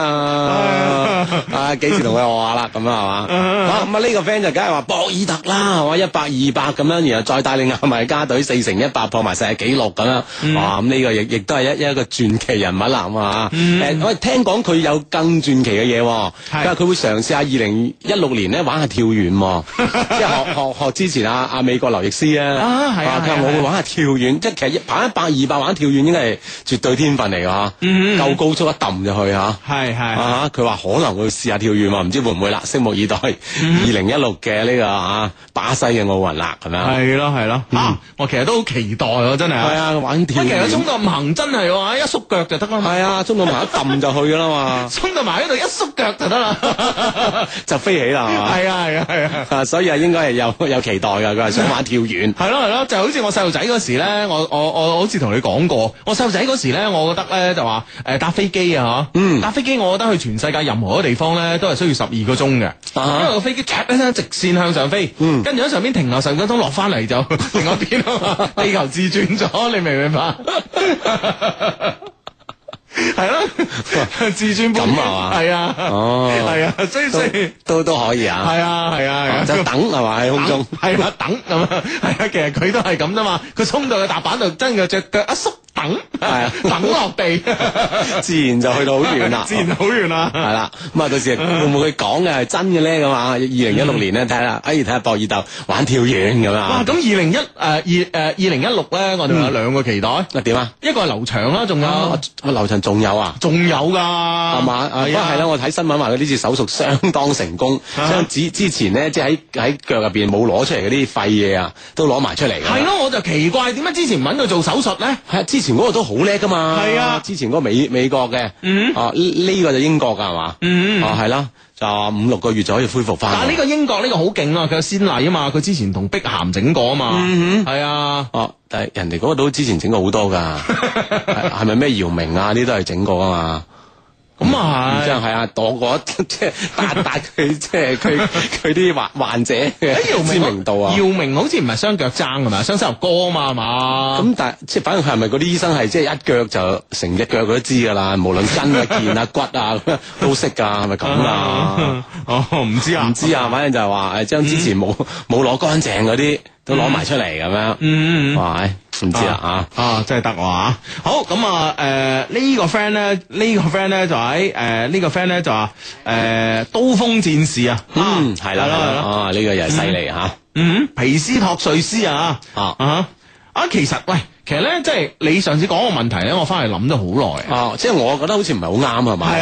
啊幾時同佢話話啦？咁啊嘛，嚇咁啊呢個 friend 就梗係話博爾特啦，係嘛，一百二百咁樣，然後再帶領牙買加隊四乘一百破埋世界紀錄咁樣，哇！咁呢個亦亦都係一一個傳奇人物啦，咁啊嚇誒，我聽講佢有更傳奇嘅嘢，佢話佢會嘗試下二零一六年咧玩下跳遠，即係學學學之前阿阿美國劉易斯啊，啊係啊，佢話我會玩下跳遠，即係其實跑一百二百玩跳遠應該係絕對。佢天分嚟噶，夠高速一抌就去吓，係係吓佢話可能會試下跳遠嘛，唔知會唔會啦，拭目以待。二零一六嘅呢個吓，巴西嘅奧運啦，咁樣，係咯係咯，我其實都好期待，我真係。係啊，玩跳。其實衝到唔行，真係一縮腳就得啦嘛。係啊，衝到埋一抌就去噶啦嘛。衝到埋喺度一縮腳就得啦，就飛起啦。係啊係啊係啊，所以係應該係有有期待噶，佢係想玩跳遠。係咯係咯，就好似我細路仔嗰時咧，我我我好似同你講過，我細路仔嗰時咧。我覺得咧就話，誒，搭飛機啊，嗬，嗯，搭飛機，我覺得去全世界任何一個地方咧，都係需要十二個鐘嘅，因為個飛機唰一聲直線向上飛，跟住喺上邊停留十二個鐘，落翻嚟就停外邊啦嘛，地球自轉咗，你明唔明白？係咯，自轉咁係嘛，係啊，哦，係啊，所以都都可以啊，係啊，係啊，就等係嘛，喺空中係嘛，等咁，係啊，其實佢都係咁啫嘛，佢衝到去踏板度，真嘅隻腳一縮。等係啊，等落地，自然就去到好遠啦，自然好遠啦，係啦，咁啊，到時會唔會佢講嘅係真嘅咧？咁啊，二零一六年咧，睇下，哎，睇下博爾特玩跳遠咁啊。咁二零一誒二誒二零一六咧，我哋有兩個期待。啊點啊？一個係劉翔啦，仲有劉翔仲有啊？仲有噶係嘛？啊係啦，我睇新聞話佢呢次手術相當成功，相之之前咧，即係喺喺腳入邊冇攞出嚟嗰啲廢嘢啊，都攞埋出嚟。係咯，我就奇怪點解之前唔揾佢做手術咧？之前嗰個都好叻噶嘛，係啊，之前嗰個美美國嘅，嗯、啊呢、個就英國噶係嘛，嗯、啊係啦、啊，就五六個月就可以恢復翻。但係呢個英國呢個好勁啊，佢有先例啊嘛，佢之前同碧咸整過啊嘛，係、嗯、哼啊，哦、啊，但係人哋嗰個都之前整過好多噶，係咪咩姚明啊呢都係整過啊嘛。咁啊，真係啊，躲過即係大大佢，即係佢佢啲患患者喺姚明度啊！姚明好似唔係雙腳踭係嘛，啊？雙膝頭哥啊嘛，係嘛？咁但即係反正佢係咪嗰啲醫生係即係一腳就成隻腳都知㗎啦？無論筋啊、腱啊、骨啊，都識㗎係咪咁啊？哦，唔知啊，唔知啊，反正就係話誒，將之前冇冇攞乾淨嗰啲都攞埋出嚟咁樣，嗯，係。唔知啦吓啊，真係得喎啊！好咁啊，誒，呢個 friend 咧，呢個 friend 咧就喺，誒，呢個 friend 咧就話，誒，刀鋒戰士啊，係啦，係咯，啊，呢個又係犀利吓，嗯，皮斯托瑞斯啊，啊，啊，啊，其實喂。其實咧，即係你上次講個問題咧，我翻嚟諗咗好耐啊！即係我覺得好似唔係好啱係嘛？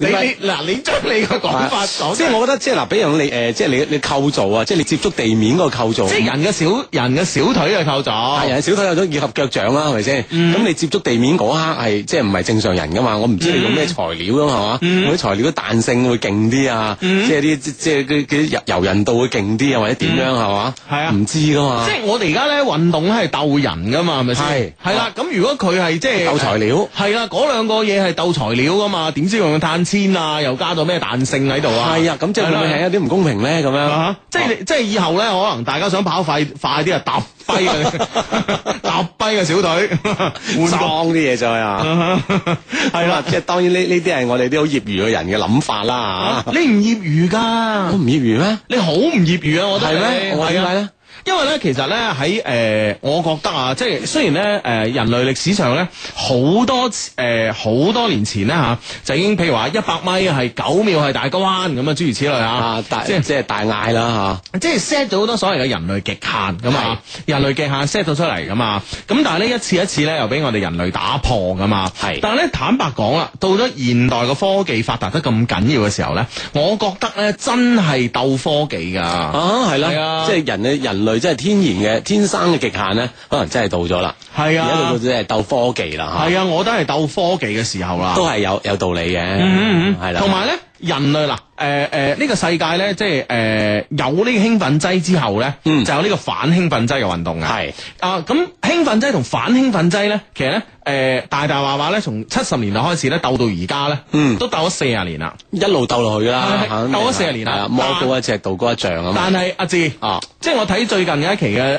嗱，你將你個講法講，即係我覺得即係嗱，比如你誒，即係你你構造啊，即係你接觸地面嗰個構造，即係人嘅小人嘅小腿嘅構造，係人嘅小腿有咗結合腳掌啦，係咪先？咁你接觸地面嗰刻係即係唔係正常人噶嘛？我唔知你用咩材料啊，嘛？係嘛？啲材料嘅彈性會勁啲啊，即係啲即係嘅嘅游人度會勁啲啊，或者點樣係嘛？係啊，唔知噶嘛？即係我哋而家咧運動咧係鬥人噶嘛，係咪先？係係啦，咁如果佢係即係鬥材料，係啦，嗰兩個嘢係鬥材料噶嘛？點知用碳纖啊？又加咗咩彈性喺度啊？係啊，咁即係會唔會係一啲唔公平咧？咁樣即係即係以後咧，可能大家想跑快快啲啊，搭跛嘅、搭跛嘅小腿，換裝啲嘢就係啊，係啦，即係當然呢呢啲係我哋啲好業餘嘅人嘅諗法啦吓。你唔業餘噶，我唔業餘咩？你好唔業餘啊？我哋係咩？係啊。因為咧，其實咧喺，誒，我覺得啊，即係雖然咧，誒，人類歷史上咧好多誒，好、呃、多年前咧吓、啊，就已經譬如話一百米係九秒係大關咁啊，諸如此類啊。吓大即係即係大嗌啦吓。即係 set 咗好多所謂嘅人類極限咁對啊，人類極限 set 到出嚟噶嘛。咁但係咧一次一次咧又俾我哋人類打破噶嘛。係對。但係咧坦白講啦，到咗現代嘅科技發達得咁緊要嘅時候咧，我覺得咧真係鬥科技噶。啊，係啦。係啊。即係人咧人類。 佢真係天然嘅天生嘅極限咧，可能真係到咗啦。係啊，而家到嘅即係鬥科技啦。係啊，我都係鬥科技嘅時候啦。都係有有道理嘅。嗯嗯嗯，係啦的。同埋咧，人類嗱。誒誒，呢個世界咧，即係誒有呢個興奮劑之後咧，就有呢個反興奮劑嘅運動啊。係啊，咁興奮劑同反興奮劑咧，其實咧，誒大大話話咧，從七十年代開始咧，鬥到而家咧，嗯，都鬥咗四十年啦，一路鬥落去啦，鬥咗四十年啊，魔高一尺，道高一丈啊。但係阿志啊，即係我睇最近嘅一期嘅誒誒誒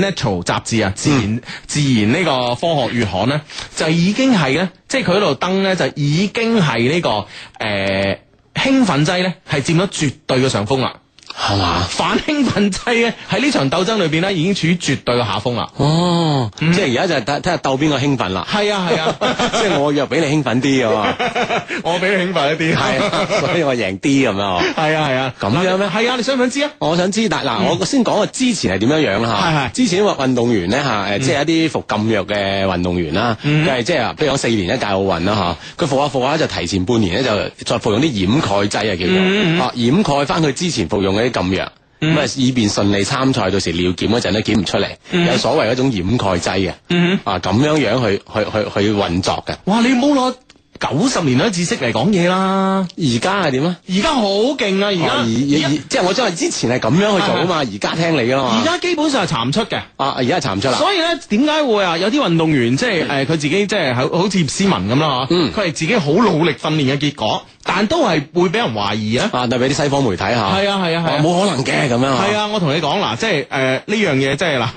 Nature 雜誌啊，自然自然呢個科學月刊咧，就已經係咧，即係佢喺度登咧，就已經係呢個誒。興奮劑咧，係佔咗絕對嘅上風啦、啊。係嘛，反興奮劑嘅喺呢場鬥爭裏邊咧，已經處於絕對嘅下風啦。哦，mm hmm. 即係而家就睇睇下鬥邊個興奮啦。係啊係啊，即係我若比你興奮啲啊嘛，我比你興奮一啲，係、啊，所以我贏啲咁樣哦。係啊係啊，咁、啊啊、樣咩？係啊，你想唔想知啊？我想知，但嗱，我先講個之前係點樣樣啦吓。之前運運動員呢，吓、啊，即係一啲服禁藥嘅運動員啦、啊啊，即係，譬如講四年一屆奧運啦吓，佢、啊、服下服下就提前半年咧就再服用啲掩蓋劑啊，叫、啊、做，掩蓋翻佢之前服用嘅。禁藥咁啊，以便順利參賽，到時尿檢嗰陣咧檢唔出嚟，有所謂嗰種掩蓋劑嘅，啊咁樣樣去去去去運作嘅。哇！你唔好攞九十年代知識嚟講嘢啦，而家係點啊？而家好勁啊！而家即係我真係之前係咁樣去做啊嘛，而家聽你咯。而家基本上係查唔出嘅。啊，而家係查唔出啦。所以咧，點解會啊？有啲運動員即係誒，佢自己即係好好似葉詩文咁咯。佢係自己好努力訓練嘅結果。但都係會俾人懷疑啊！啊，特別啲西方媒體吓，係啊係啊係，冇可能嘅咁樣係啊，我同你講嗱，即係誒呢樣嘢，即係嗱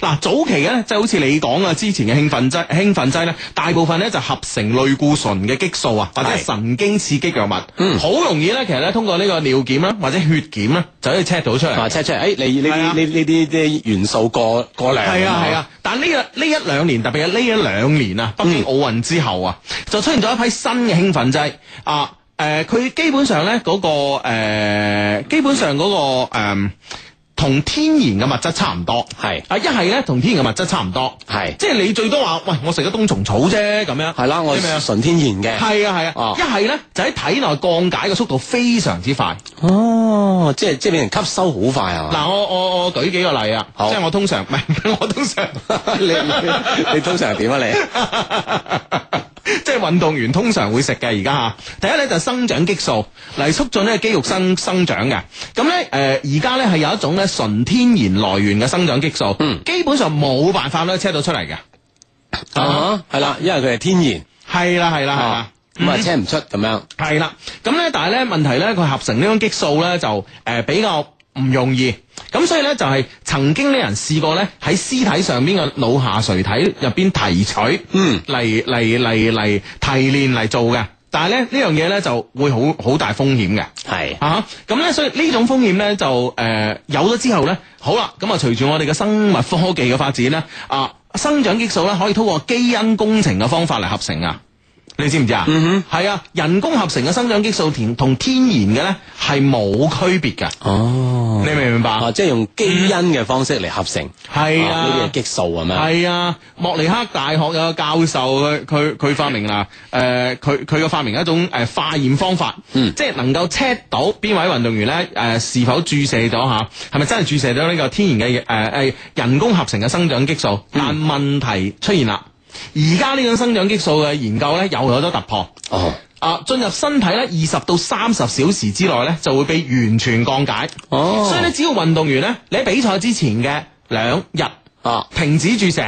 嗱早期嘅咧，即係好似你講啊，之前嘅興奮劑興奮劑咧，大部分咧就合成類固醇嘅激素啊，或者神經刺激藥物，嗯，好容易咧，其實咧通過呢個尿檢啦或者血檢咧就可以 check 到出嚟，check 出嚟，誒，你你你呢啲啲元素過過量，係啊係啊。但呢個呢一兩年，特別係呢一兩年啊，北京奧運之後啊，就出現咗一批新嘅興奮劑啊。誒，佢、呃、基本上咧嗰個誒，基本上嗰、那個誒，同、呃、天然嘅物質差唔多，係啊是，一係咧同天然嘅物質差唔多，係是，即係你最多話，喂，我食咗冬蟲草啫，咁樣係啦，我純天然嘅，係啊，係啊，一係咧就喺體內降解嘅速度非常之快，哦，即係即係俾人吸收好快啊，嗱，我我我舉幾個例啊，即係我通常，唔係我通常，你你，你，你通常係點啊 你？ 即係運動員通常會食嘅而家吓，第一咧就係生長激素嚟促進呢個肌肉生生長嘅，咁咧誒而家咧係有一種咧純天然來源嘅生長激素，基本上冇辦法咧車到出嚟嘅，啊係啦，因為佢係天然，係啦係啦係啦，咁啊車唔出咁樣，係啦，咁咧但係咧問題咧佢合成呢種激素咧就誒比較唔容易，咁所以呢，就係曾經呢人試過呢，喺屍體上邊嘅腦下垂體入邊提取，嗯，嚟嚟嚟嚟提煉嚟做嘅，但係咧呢樣嘢呢，就會好好大風險嘅，係啊，咁咧所以呢種風險呢，就、呃、誒有咗之後呢。好啦，咁啊隨住我哋嘅生物科技嘅發展呢，啊生長激素呢，可以通過基因工程嘅方法嚟合成啊。你知唔知啊？係、嗯、哼啊，人工合成嘅生長激素同天然嘅咧係冇區別噶。哦，你明唔明白啊？即係用基因嘅方式嚟合成，係啊，呢啲、啊、激素啊嘛。係啊，莫尼克大學有個教授佢佢佢發明啦，誒、呃，佢佢嘅發明一種誒化驗方法，嗯，即係能夠 check 到邊位運動員咧誒、呃、是否注射咗吓，係咪真係注射咗呢個天然嘅誒誒人工合成嘅生長激素？但問題出現啦。而家呢種生長激素嘅研究呢，又有咗突破。哦，oh. 啊，進入身體呢，二十到三十小時之內呢，就會被完全降解。哦，oh. 所以呢，只要運動員呢，你喺比賽之前嘅兩日啊，oh. 停止注射。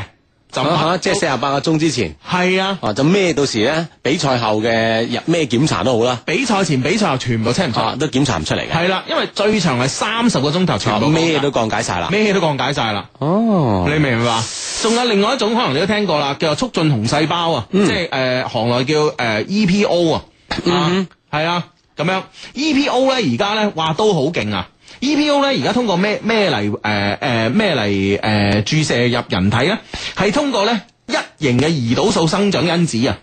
就啊哈！即係四十八個鐘之前，係啊，啊，就咩到時咧比賽後嘅入咩檢查都好啦、啊。比賽前、比賽後全部清唔出、啊，都檢查唔出嚟嘅。係啦、啊，因為最長係三十個鐘頭，全部咩、啊、都降解晒啦，咩都降解晒啦。哦，你明唔明白？仲有另外一種可能，你都聽過啦，叫促進紅細胞、嗯呃呃、o, 啊，即係誒行內叫誒 EPO 啊，嗯，係啊，咁樣 EPO 咧而家咧話都好勁啊。EPO 咧，而家通過咩咩嚟？誒誒咩嚟？誒、呃呃呃、注射入人體咧，係通過咧一型嘅胰島素生長因子啊。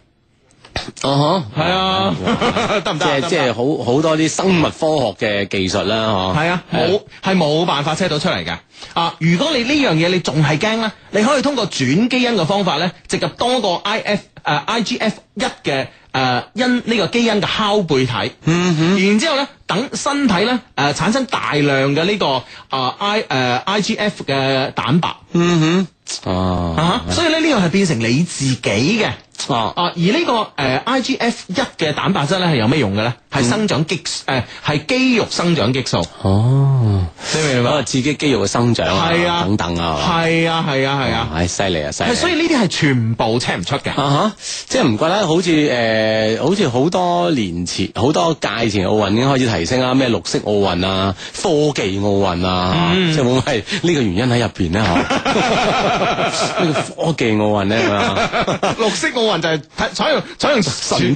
哦，吓、uh，係、huh，啊，得唔得？即係即係，好好多啲生物科學嘅技術啦，嗬。係啊，冇係冇辦法測到出嚟嘅。啊，如果你呢樣嘢你仲係驚咧，你可以通過轉基因嘅方法咧，植入多個 I、呃、F 誒 I G F 一嘅誒因呢個基因嘅拷貝體。嗯哼。然之後咧，等身體咧誒、呃、產生大量嘅呢、這個啊、呃呃、I 誒 I G F 嘅蛋白。嗯哼。啊， 啊所以咧呢個係變成你自己嘅。哦、啊、而呢、這個誒、呃、IGF 一嘅蛋白質咧係有咩用嘅咧？係、嗯、生長激誒係、呃、肌肉生長激素哦，你明嘛？刺激肌肉嘅生長啊，等等啊，係啊係啊係啊，係犀利啊犀利、啊啊啊啊啊。所以呢啲係全部聽唔出嘅、啊啊，即係唔怪得好似誒、呃、好似好多年前好多屆前奧運已經開始提升啊。咩綠色奧運啊、科技奧運啊，嗯、即係會唔會係呢個原因喺入邊呢？嗬？呢個科技奧運咧， 綠色奧。就係採用採用純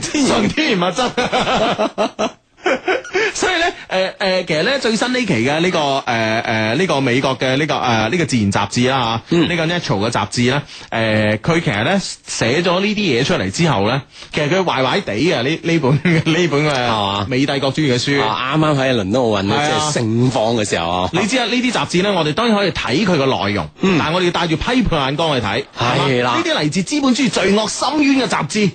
天然物質。 所以咧，誒、呃、誒，其實咧最新呢期嘅呢個誒誒呢個美國嘅呢個誒呢個自然雜誌啦吓，呢、嗯、個 Nature 嘅雜誌咧，誒、呃，佢其實咧寫咗呢啲嘢出嚟之後咧，其實佢壞壞地啊，呢呢本呢本嘅美帝國主義嘅書，啱啱喺倫敦奧運、啊、即係盛放嘅時候，你知啊，誌呢啲雜誌咧，我哋當然可以睇佢嘅內容，嗯、但係我哋要帶住批判眼光去睇，係吧啦，呢啲嚟自資本主義罪惡深淵嘅雜誌，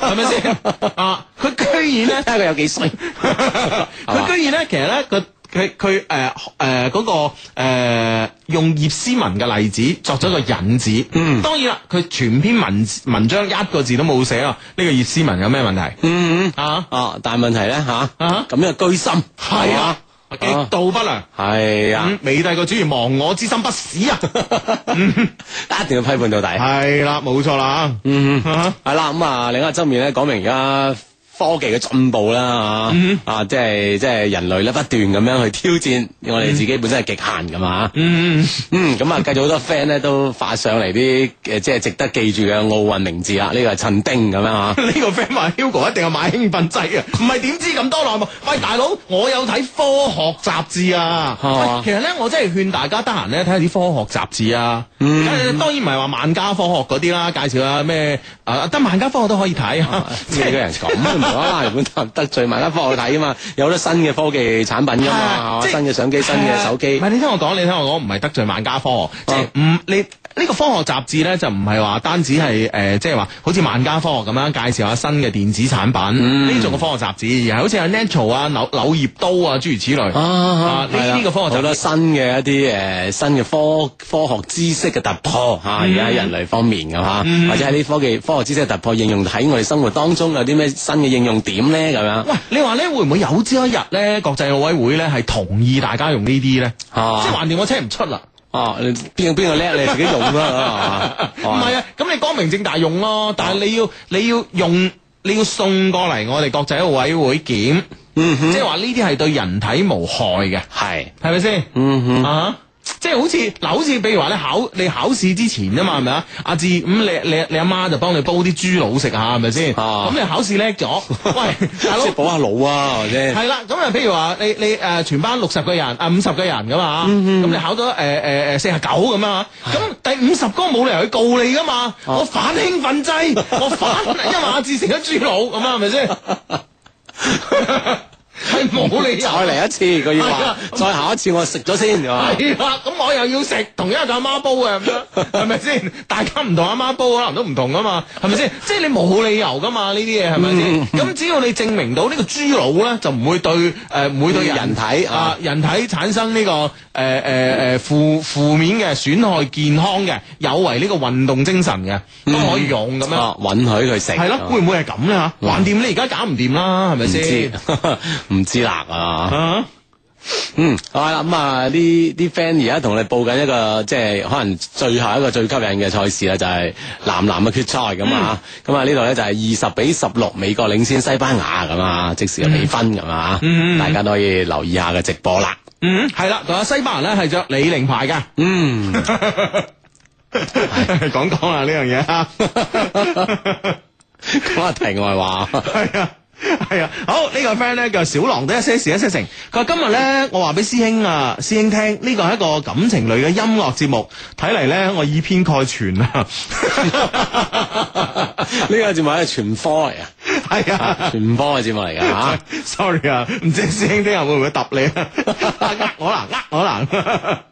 係咪先？啊，佢居然咧，睇下佢有幾衰。佢居然咧，其實咧，佢佢佢誒誒嗰個誒用葉詩文嘅例子作咗個引子。嗯，當然啦，佢全篇文文章一個字都冇寫咯。呢個葉詩文有咩問題？嗯啊啊，但係問題咧吓，咁樣居心係啊，極度不良係啊，美帝個主義亡我之心不死啊。一定要批判到底。係啦，冇錯啦。嗯啊，係啦。咁啊，另一個側面咧，講明而家。科技嘅進步啦，啊，嗯、啊，即係即係人類咧不斷咁樣去挑戰我哋自己本身係極限㗎嘛、啊嗯，嗯嗯嗯，咁啊，繼續好多 friend 咧都發上嚟啲誒，即係值得記住嘅奧運名字、這個、啊，呢 個係陳丁咁樣啊，呢個 friend 話 Hugo 一定係買興奮劑啊。唔係點知咁多內幕？喂，大佬，我有睇科學雜誌啊， 喂，其實咧我真係勸大家得閒咧睇下啲科學雜誌啊。嗯，當然唔係話萬家科學嗰啲啦，介紹下咩，誒得、啊、萬家科學都可以睇，幾、啊、 個人咁啊，啦，果得得罪萬家科學睇啊嘛，有好多新嘅科技產品噶嘛，啊啊、新嘅相機、啊、新嘅手機，唔係你聽我講，你聽我講，唔係得罪萬家科學，即係唔你。呢個科學雜誌咧就唔係話單止係誒，即係話好似《萬家科學》咁樣介紹下新嘅電子產品呢種嘅科學雜誌，而係好似阿 Nature 啊、柳柳葉刀啊諸如此類。呢呢個科學就有新嘅一啲誒，新嘅科科學知識嘅突破吓，而家喺人類方面噶嘛，或者喺啲科技科學知識嘅突破應用喺我哋生活當中有啲咩新嘅應用點咧咁樣。喂，你話咧會唔會有朝一日咧國際奧委會咧係同意大家用呢啲咧？即係橫掂我車唔出啦。哦、啊，你邊個邊個叻，你自己用啦，唔係啊，咁、 啊啊、你光明正大用咯，但係你要你要用，你要送過嚟我哋國際奧委會檢，嗯哼，即係話呢啲係對人體無害嘅，係係咪先？嗯哼啊。即係好似嗱，好似比如話你考你考試之前啊嘛，係咪啊？阿志咁，你你你阿媽就幫你煲啲豬腦食下，係咪先？咁、啊、你考試叻咗，喂，大佬 補下腦啊？或者？係啦，咁啊，譬如話你你誒、呃、全班六十個人啊，五、呃、十個人咁嘛，咁、嗯哼嗯、你考咗誒誒誒四十九咁啊，咁第五十個冇理由去告你噶嘛？我反興奮劑，我反 因為阿志成咗豬腦咁啊，係咪先？ 係冇理由，再嚟一次，佢要話再下一次，我食咗先，係啊，咁我又要食，同一個阿媽煲嘅，係咪先？大家唔同阿媽煲，可能都唔同噶嘛，係咪先？即係你冇理由噶嘛，呢啲嘢，係咪先？咁只要你證明到呢個豬腦咧，就唔會對，誒，唔會對人體啊，人體產生呢個誒誒誒負負面嘅損害健康嘅，有違呢個運動精神嘅，都可以用咁樣，允許佢食係咯？會唔會係咁咧？吓，橫掂你而家搞唔掂啦，係咪先？唔知啦啊嗯，嗯，好啦咁啊，啲啲 friend 而家同你報緊一個即係可能最後一個最吸引嘅賽事咧，就係男籃嘅決賽咁啊，咁啊呢度咧就係二十比十六美國領先西班牙啊，咁啊即時嘅比分係啊，嗯嗯嗯嗯嗯、大家都可以留意下嘅直播啦，嗯，係啦，仲有西班牙咧係着李寧牌噶， 嗯，講講啊呢樣嘢，講 下題外話，係啊。 係啊，好、這個、呢個 friend 咧叫小狼，得一些事，一些情。佢話今日咧，我話俾師兄啊，師兄聽呢個係一個感情類嘅音樂節目。睇嚟咧，我以偏概全， 全啊。呢個節目係全科嚟啊，係啊，全科嘅節目嚟噶吓。Sorry 啊，唔知師兄聽日會唔會答你啊？呃 我啦，呃我啦。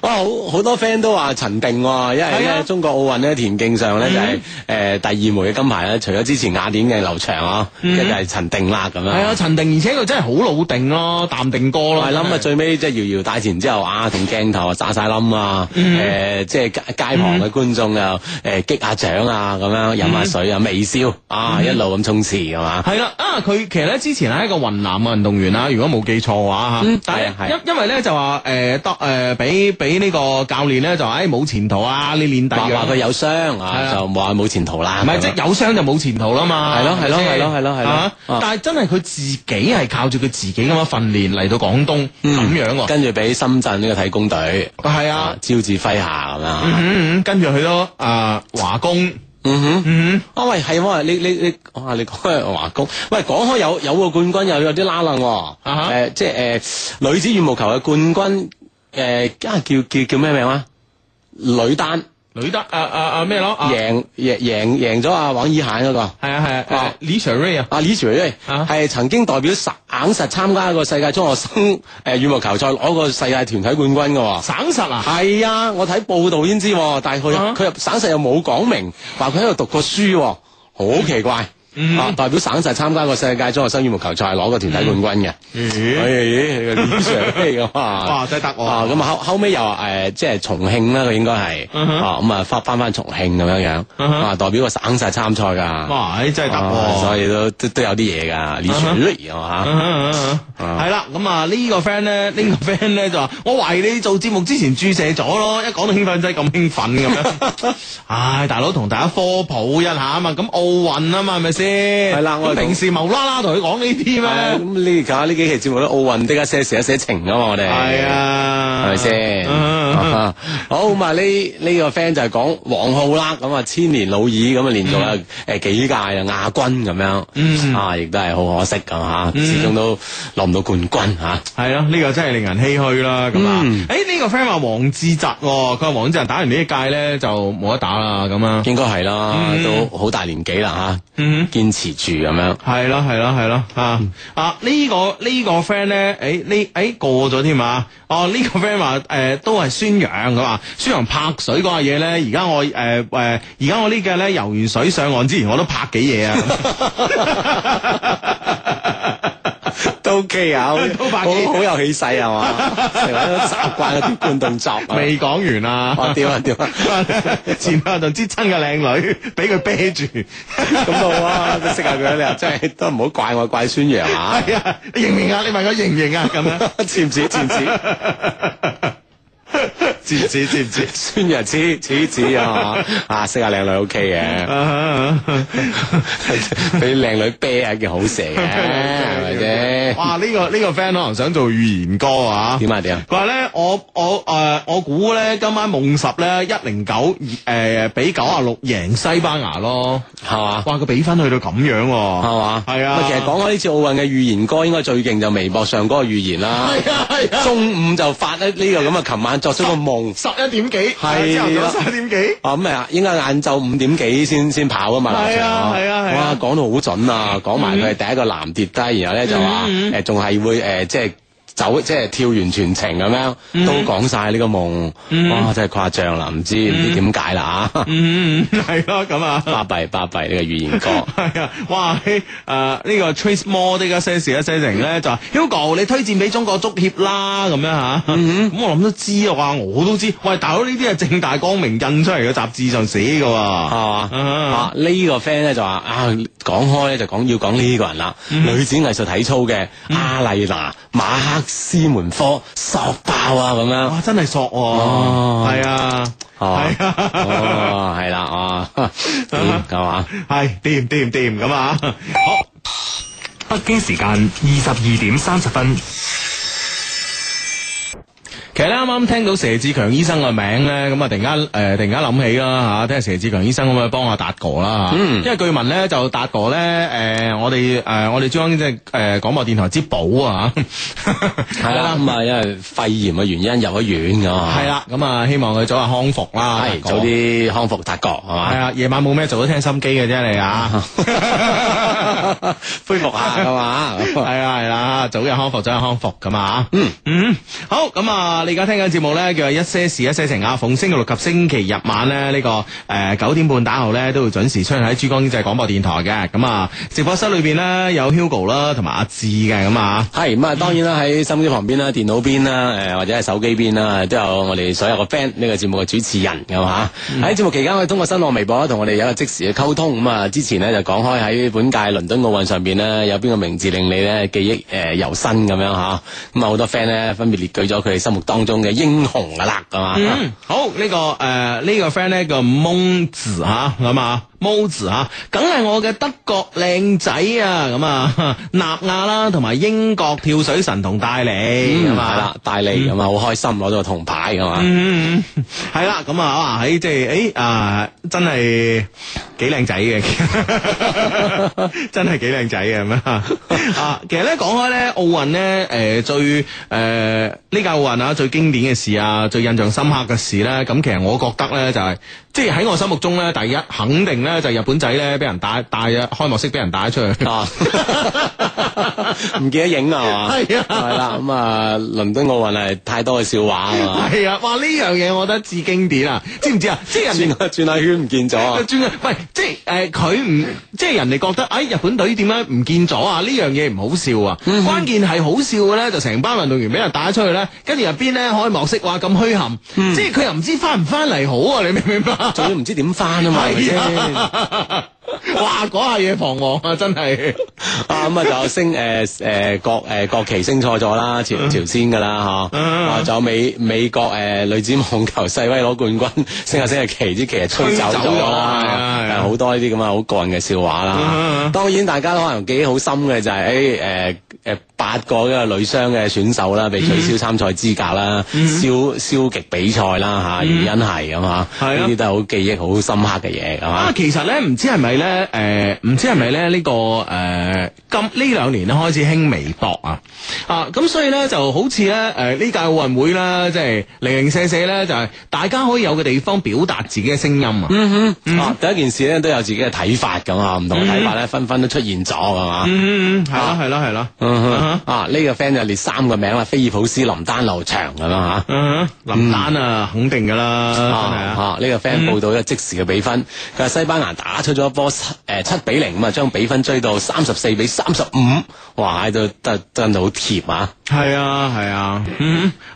哇，好好多 friend 都話陳定，因為咧中國奧運咧田徑上咧就係誒第二枚嘅金牌啦。除咗之前雅典嘅劉翔嗬，就係陳定啦咁樣。係啊，陳定，而且佢真係好老定咯，淡定哥咯。係啦，啊最尾即係搖搖大旗之後啊，同鏡頭撒晒冧啊，誒即係街旁嘅觀眾又誒擊下掌啊，咁樣飲下水啊，微笑啊一路咁衝刺係嘛。係啦，啊佢其實咧之前係一個雲南嘅運動員啊。如果冇記錯嘅話吓。但係。因因為咧就話誒。誒，當誒，俾俾呢個教練咧，就誒冇前途啊！你練體育，話佢有傷啊，啊就話冇前途啦、啊。唔係是，啊、即係有傷就冇前途啦、啊、嘛。係咯、啊，係咯、啊，係咯、啊，係咯、啊，係咯、啊。啊啊啊、但係真係佢自己係靠住佢自己咁、嗯、樣訓練嚟到廣東咁樣，嗯、跟住俾深圳呢個體工隊。係啊，招致麾下咁啦。跟住去到誒華工。嗯哼，嗯哼，啊喂，係啊，你你你，我、啊、話你講開華工，喂，講開有有個冠軍又有啲拉楞喎、哦，誒、uh huh. 呃，即係誒、呃，女子羽毛球嘅冠軍，誒、呃，家下叫叫叫咩名啊？女單。女德，啊啊啊咩咯？贏贏贏贏咗阿王以涵嗰個係啊係啊，啊，李卓瑞啊，阿李卓瑞啊，係、啊、曾經代表省實參加一個世界中學生誒、呃、羽毛球賽，攞個世界團體冠軍嘅。省實啊？係啊，我睇報道先知道，但係佢佢又省實又冇講明話佢喺度讀過書，好奇怪。嗯代表省晒參加個世界中學生羽毛球賽，攞個團體冠軍嘅。咦？你個理想咩？哇！哇！真係得喎。咁後尾又話誒，即係重慶啦，佢應該係咁啊，翻翻翻重慶咁樣樣代表個省晒參賽噶。哇！真係得喎。所以都都有啲嘢噶，理想叻啊！吓，係啦。咁啊，呢個 friend 呢，呢個 friend 咧就話：我懷疑你做節目之前注射咗咯，一講到興奮劑咁興奮咁樣。唉，大佬同大家科普一下啊嘛，咁奧運啊嘛，係咪？係啦，欸啊、我哋平時無啦啦同佢講呢啲咩？咁呢？睇下呢幾期節目都奧運的家寫寫情噶嘛，我哋係啊，係咪先？嗯啊、好咁啊，呢呢個 friend 就係講王浩啦。咁啊，千年老二咁、嗯嗯、啊，連續誒幾屆啊亞軍咁樣啊，亦都係好可惜噶吓，始終都攞唔到冠軍吓。係、哦、咯，呢個真係令人唏噓啦。咁啊，啊，誒呢個 friend 話王志澤，佢話王志澤打完呢一屆咧就冇得打啦。咁啊，應該係啦，都好大年紀啦吓。堅持住咁樣，係咯係咯係咯啊啊！呢個呢個 friend 咧，誒呢誒過咗添啊！哦、這個這個、呢、哎哎啊這個 friend 話誒都係孫楊，佢話孫楊拍水嗰下嘢咧，而家我誒誒而家我呢個咧游完水上岸之前，我都拍幾嘢啊！ 都 OK 啊，我都白好百幾，好有氣勢啊嘛，成日 都習慣啲半動作，啊。未講完啊，我點啊點啊，前排度知真嘅靚女俾佢啤住，咁好啊，識下佢你啊，真係都唔好怪我怪孫楊嚇，啊。 啊、你認唔認啊？你問佢認唔認啊？咁樣，賤唔賤？賤唔賤？ 子子唔子，孫仁子子子啊！啊，識下靚女， 女、啊啊、OK 嘅吧，俾靚女啤係件好事嘅，係咪啫？哇！呢個呢個 friend 可能想做預言歌啊？點啊點啊？佢話咧，我我誒、呃、我估咧，今晚夢十咧一零九誒比九啊六贏西班牙咯，係嘛吧？哇！佢比分去到咁樣，係嘛？係啊！咪吧、啊、其實講開呢次奧運嘅預言歌，應該最勁就微博上嗰個預言啦。係啊係啊！啊啊 中午就發咧、這、呢個咁啊，琴晚作出個夢。十一點幾，朝、啊、十一點幾，啊咁啊，應該晏晝五點幾先先跑啊嘛，係啊係啊，啊啊啊哇，講到好準啊，講埋佢係第一個男跌低，嗯、然後咧就話，誒、嗯嗯，仲係、呃、會誒、呃，即係。走即係跳完全程咁樣，都講晒呢個夢，哇真係誇張啦！唔知唔知點解啦啊，係咯咁啊，巴閉巴閉呢個語言歌，係啊！哇，誒呢個 Trace Moore 呢個 Sethy s e l n g 咧就話，Hugo 你推薦俾中國足協啦咁樣吓，咁我諗都知啊！哇，我都知，喂大佬呢啲係正大光明印出嚟嘅雜誌上寫噶，係嘛？啊呢個 Fan 咧就話啊講開咧就講要講呢個人啦，女子藝術體操嘅阿麗娜馬克。師門科索爆啊，咁樣哇，真係索，係啊，係、哦、啊，係啦，哦，掂咁嘛，係掂掂掂咁啊， 樣啊 好， 北京時間二十二點三十分。其實咧，啱啱聽到佘志強醫生嘅名咧，咁啊，突然間誒，突然間諗起啦吓，聽佘志強醫生咁去幫下達哥啦，因為據聞咧，就達哥咧，誒，我哋誒，我哋中央即係誒廣播電台之寶啊，係啦，唔係因為肺炎嘅原因入咗院噶嘛，係啦，咁啊，希望佢早日康復啦，早啲康復達哥係嘛，係啊，夜晚冇咩做，都聽心機嘅啫你啊，恢復下係嘛，係啊係啦，早日康復，早日康復咁嘛。嗯嗯，好咁啊。你而家聽緊嘅節目咧，叫《一些事一些情》啊！逢星期六及星期日晚呢，呢、這個誒九點半打後呢，都會準時出現喺珠江經濟廣播電台嘅。咁啊，直播室裏邊呢，有 Hugo 啦，同埋阿志嘅咁啊。係咁啊，當然啦，喺手機旁邊啦，電腦邊啦，誒、呃、或者係手機邊啦，都有我哋所有嘅 friend 呢個節目嘅主持人咁啊。喺節、嗯、目期間，我哋通過新浪微博同我哋有一個即時嘅溝通。咁啊，之前呢，就講開喺本屆倫敦奧運上邊呢，有邊個名字令你咧記憶誒猶、呃、新咁樣吓？咁啊，好多 friend 呢，分別列舉咗佢哋心目當。當中嘅英雄噶啦，咁嘛？嗯，好呢、這個誒呢、呃這個 friend 咧叫蒙子吓咁啊。Moze 吓，梗係、啊、我嘅德國靚仔啊！咁啊，納亞啦，同埋英國跳水神童戴利咁啊，戴利咁啊，好開心攞咗個銅牌，咁、哎、嘛？嗯嗯嗯，係啦，咁啊，喺即係誒啊，真係幾靚仔嘅， 真係幾靚仔嘅，係咪 啊？其實咧，講開咧，奧運咧，誒、呃，最誒呢屆奧運啊，最經典嘅事啊，最印象深刻嘅事咧，咁其實我覺得咧就係、是。即係喺我心目中咧，第一肯定咧就日本仔咧俾人打帶咗開幕式俾人打咗出去，唔記得影係嘛？係啊，係啦，咁啊，倫敦奧運係太多嘅笑話啊！係啊，哇！呢樣嘢我覺得至經典啊，知唔知啊？即係人哋轉下圈唔見咗，轉 喂， 即係誒，佢、呃、唔即係人哋覺得誒、哎，日本隊點解唔見咗啊？呢樣嘢唔好笑啊！嗯、關鍵係好笑嘅咧，就成班運動員俾人打咗出去咧，跟住入邊咧開幕式話咁虛撼，即係是佢、嗯、又唔知翻唔翻嚟好啊！你明唔明白？ 仲要唔知點翻啊嘛，係咪先？ 哇，嗰下嘢彷徨 啊，真係啊，咁啊，就升誒誒國誒、呃、國旗升錯咗啦，朝朝鮮噶啦嚇，啊仲 有美美國誒女、呃、子網球世威攞冠軍，升下升下旗，啲旗啊吹走咗啦，好多呢啲咁嘅好個人嘅笑話啦。啊、 當然大家都可能記好深嘅就係誒誒誒。欸呃呃呃八個嘅女雙嘅選手啦，被取消參賽資格啦，消消極比賽啦，吓，原因係咁啊，呢啲都係好記憶好深刻嘅嘢，啊，其實咧唔知係咪咧，誒，唔知係咪咧呢個誒今呢兩年咧開始興微博啊，啊，咁所以咧就好似咧誒呢屆奧運會啦，即係零零四四咧，就係大家可以有個地方表達自己嘅聲音啊，嗯哼，啊第一件事咧都有自己嘅睇法咁啊，唔同嘅睇法咧紛紛都出現咗，係嘛，嗯嗯嗯，係咯係咯係咯，嗯哼。啊！呢個 friend 就列三個名啦，菲爾普斯、林丹、劉翔咁樣吓。林丹啊，肯 定噶啦。啊、uh，呢、huh. uh huh. 個 friend 報道一個即時嘅比分，佢話、uh huh. 西班牙打出咗一波誒七比零咁啊，將、呃、比分追到三十四比三十五。哇，喺度得真到好貼啊！係啊，係啊。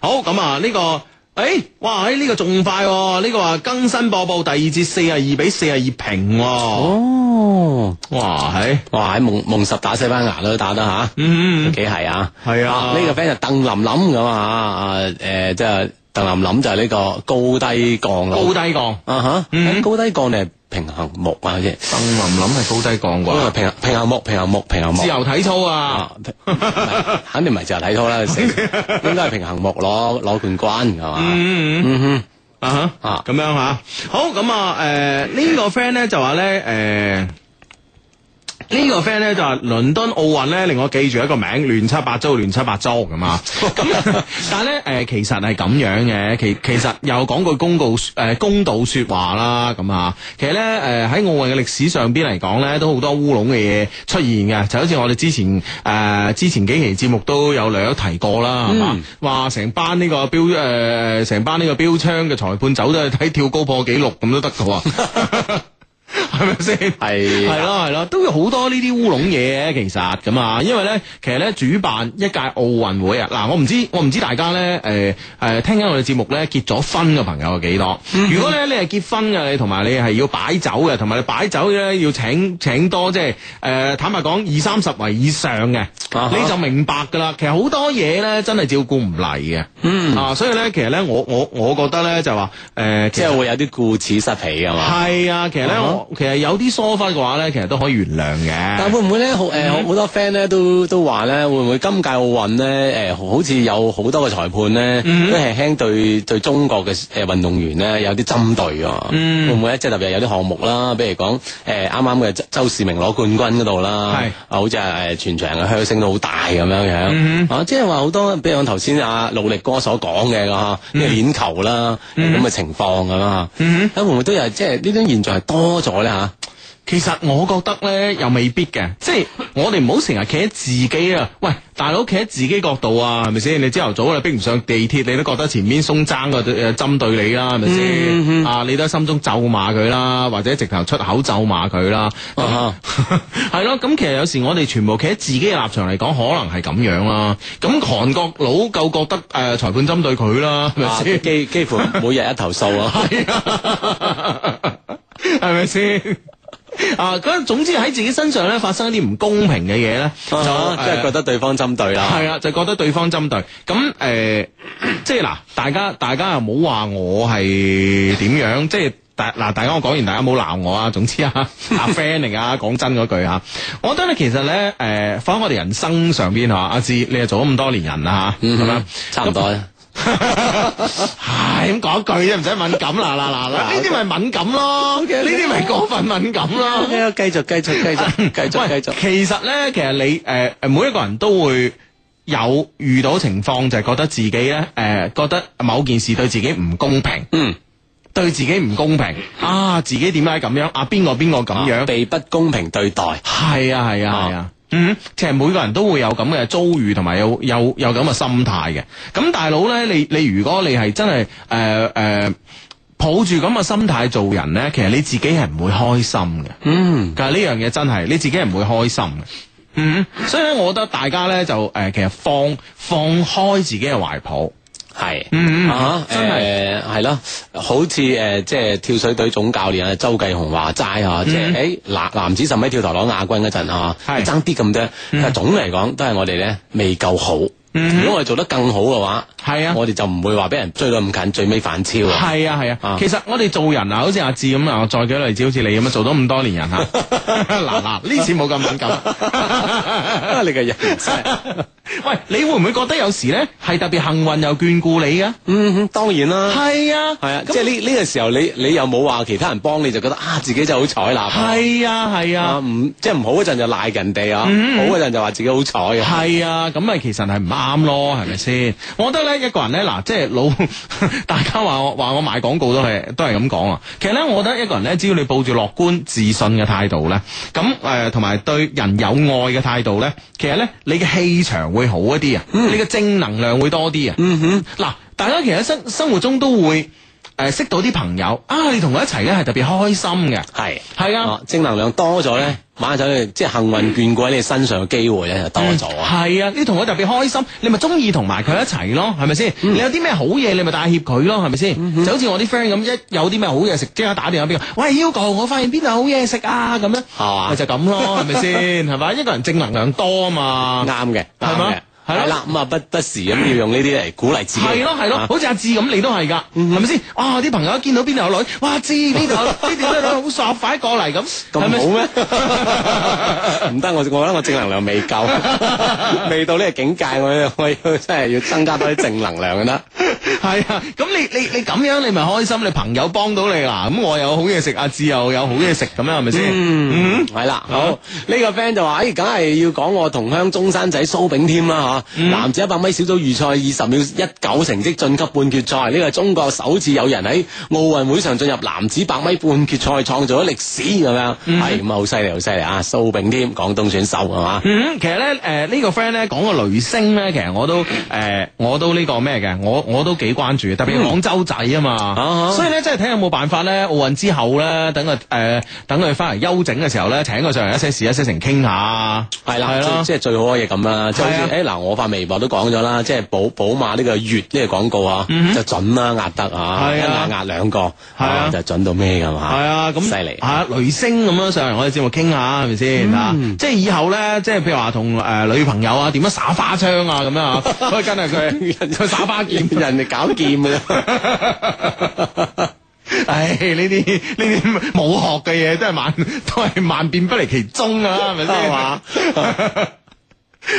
好咁啊，呢個。誒、哎，哇！喺、哎、呢、這個仲快、哦、呢、這個話更新播報第二節四啊二比四啊二平。哦，哦哇！喺、哎、哇喺夢夢十打西班牙都打得吓，啊、嗯，嗯，嗯，幾係啊？係啊，呢、這個 friend、啊呃呃、就鄧琳琳咁啊，啊誒，即係鄧琳琳就係呢個高低槓高低槓啊吓，嗯，高低槓咧。平衡木啊，即係鄧林林係高低槓啩，因為平衡平衡木、平衡木、平衡木。自由體操啊， 肯定唔係自由體操啦， 應該係平衡木攞攞冠軍係嘛，嗯嗯啊哼吓啊，咁、啊、樣吓、啊，好咁啊，誒呢、呃這個 friend 咧就話咧誒。呃個呢個 friend 咧就話、係，倫敦奧運咧令我記住一個名，亂七八糟，亂七八糟咁啊！咁 但係咧誒，其實係咁樣嘅，其其實又講句公道誒、呃、公道説話啦咁啊！其實咧誒喺奧運嘅歷史上邊嚟講咧，都好多烏龍嘅嘢出現嘅，就好似我哋之前誒、呃、之前幾期節目都有略提過啦，係嘛？話成、嗯、班呢個標誒成、呃、班呢個標槍嘅裁判走咗去睇跳高破紀錄咁都得嘅喎。 係咪先係？係咯係咯，都有好多呢啲烏龍嘢嘅，其實咁啊，因為咧，其實咧，主辦一屆奧運會啊，嗱，我唔知我唔知大家咧，誒、呃、誒，聽緊我哋節目咧結咗婚嘅朋友有幾多？如果咧你係結婚嘅，你同埋你係要擺酒嘅，同埋你擺酒咧要請請多，即係誒、呃，坦白講、嗯、二三十圍以上嘅，uh huh、你就明白㗎啦。其實好多嘢咧真係照顧唔嚟嘅。嗯，嗱，所以咧，其實咧，我我我覺得咧就話誒，呃、即係會有啲顧此失彼㗎嘛。係啊，其實咧我。其實有啲疏忽嘅話咧，其實都可以原諒嘅。但會唔會咧？誒、嗯，好多 friend 咧都都話咧，會唔會今屆奧運咧？誒，好似有好多嘅裁判咧，嗯、都係輕對對中國嘅誒運動員咧有啲針對啊？嗯、會唔會咧？即係特別有啲項目啦，比如講誒啱啱嘅周周世明攞冠軍度啦，係啊是，好似係全場嘅噓聲都好大咁樣、嗯、樣。啊，即係話好多，比如我頭先阿努力哥所講嘅吓嗬，啲鏈球啦咁嘅情況咁啊，咁、嗯、會唔會都有？即係呢種現象係多咗咧？吓，其實我覺得咧又未必嘅，即係是 我哋唔好成日企喺自己啊！喂，大佬企喺自己角度啊，係咪先？你朝頭早你逼唔上地鐵，你都覺得前面松爭嘅誒針對你啦，係咪先？嗯嗯、啊，你都心中咒罵佢啦，或者直頭出口咒罵佢啦，係咯。咁其實有時我哋全部企喺自己嘅立場嚟講，可能係咁樣啦、啊。咁韓國佬夠覺得誒、呃、裁判針對佢啦，係咪先？幾、幾乎每日一投訴啊。係咪先？ 啊，咁總之喺自己身上咧，發生一啲唔公平嘅嘢咧，哦、就、呃、即係覺得對方針對啦。係啊，就覺得對方針對。咁誒、呃，即係嗱，大家大家又冇話我係點樣？即係大嗱，大家我講完，大家冇鬧我啊。總之啊，阿 friend 嚟噶，講 真嗰句吓、啊，我覺得咧，其實咧，誒、啊，放喺我哋人生上邊吓，阿、啊、志、啊啊啊，你又做咗咁多年人啊。吓、嗯哼，係咪？差唔多。唉咁講一句啫，唔使敏感啦啦啦啦，呢啲咪敏感咯，呢啲咪過分敏感咯。繼續繼續繼續繼續繼續。其實咧，其實你誒誒每一個人都會有遇到情況，就係覺得自己咧誒覺得某件事對自己唔公平，嗯，對自己唔公平啊，自己點解咁樣啊？邊個邊個咁樣被不公平對待？係啊係啊係啊。嗯，其實每個人都會有咁嘅遭遇，同埋有有有咁嘅心態嘅。咁大佬呢，你你如果你係真係誒誒，抱住咁嘅心態做人呢，其實你自己係唔會開心嘅。嗯，但係呢樣嘢真係你自己係唔會開心嘅。嗯，所以咧，我覺得大家呢，就誒、呃，其實放放開自己嘅懷抱。係，啊，誒，係咯，好似誒、呃，即係跳水隊總教練啊，周繼紅話齋啊，即係，誒、嗯哎，男男子十米跳台攞亞軍嗰陣吓，爭啲咁多，點點嗯、但係總嚟講都係我哋咧未夠好。如果我哋做得更好嘅話，係啊，我哋就唔會話俾人追到咁近，最尾反超。係啊係啊，其實我哋做人啊，好似阿志咁啊，我再舉例子，好似你咁樣，做到咁多年人吓。嗱嗱，呢次冇咁敏感，你嘅人。喂，你會唔會覺得有時咧係特別幸運又眷顧你啊？嗯嗯，當然啦。係啊係啊，即係呢呢個時候你你又冇話其他人幫你就覺得啊自己就好彩啦。係啊係啊，唔即係唔好嗰陣就賴人哋啊，好嗰陣就話自己好彩。係啊，咁啊其實係唔啱。啱咯，係咪先？我覺得咧，一個人咧，嗱， 即係老，大家話我話我賣廣告都係都係咁講啊。其實咧，我覺得一個人咧，只要你抱住樂觀、自信嘅態度咧，咁誒，同、呃、埋對人有愛嘅態度咧，其實咧，你嘅氣場會好一啲啊，嗯、你嘅正能量會多啲啊。嗯哼，嗱， 大家其實生生活中都會。誒，識到啲朋友啊，你同佢一齊咧係特別開心嘅，係係啊，正能量多咗咧，買下即係幸運眷顧喺你身上嘅機會咧就多咗。係啊，你同佢特別開心，你咪中意同埋佢一齊咯，係咪先？你有啲咩好嘢，你咪帶挈佢咯，係咪先？就好似我啲 friend 咁，一有啲咩好嘢食，即刻打電話俾佢，喂，Hugo，我發現邊度好嘢食啊，咁樣，係嘛，就咁咯，係咪先？係咪一個人正能量多啊嘛，啱嘅，啱嘅。係啦，咁啊不不時咁要用呢啲嚟鼓勵自己。係咯係咯，好似阿志咁你都係噶，係咪先？啊，啲朋友一見到邊度有女，哇！志呢度呢啲女好索，快過嚟咁，咁好咩？唔得，我我覺得我正能量未夠，未到呢個境界，我我真係要增加多啲正能量得。係啊，咁你你你咁樣，你咪開心，你朋友幫到你啦。咁我有好嘢食，阿志又有好嘢食，咁啦，係咪先？嗯，係啦，好呢個 friend 就話：哎，梗係要講我同鄉中山仔蘇炳添啦，吓！嗯、男子一百米小組預賽二十秒一九成績晉級半決賽，呢、這個係中國首次有人喺奧運會上進入男子百米半決賽，創造咗歷史咁樣，係咁啊好犀利，好犀利啊！蘇炳添，廣東選手係嘛？其實咧，誒、呃這個、呢個 friend 咧講個雷聲咧，其實我都誒、呃、我都呢個咩嘅，我我都幾關注，特別廣州仔啊嘛，嗯、所以咧真係睇下有冇辦法咧，奧運之後咧，等佢誒、呃、等佢翻嚟休整嘅時候咧，請佢上嚟一些事一些情傾下，係啦，係啦，即係最好嘅嘢咁啦，即係誒嗱我。了我發微博都講咗啦，即係寶寶馬呢個月呢個廣告啊，就準啦壓得啊，一壓壓兩個，就準到咩噶嘛？係啊，咁犀利啊！雷聲咁樣上嚟，我哋節目傾下係咪先啊？即係以後咧，即係譬如話同誒女朋友啊，點樣耍花槍啊，咁樣啊？可以跟係佢佢耍花劍，人哋搞劍嘅。唉，呢啲呢啲冇學嘅嘢，都係萬都係萬變不離其宗噶啦，係咪先？係嘛？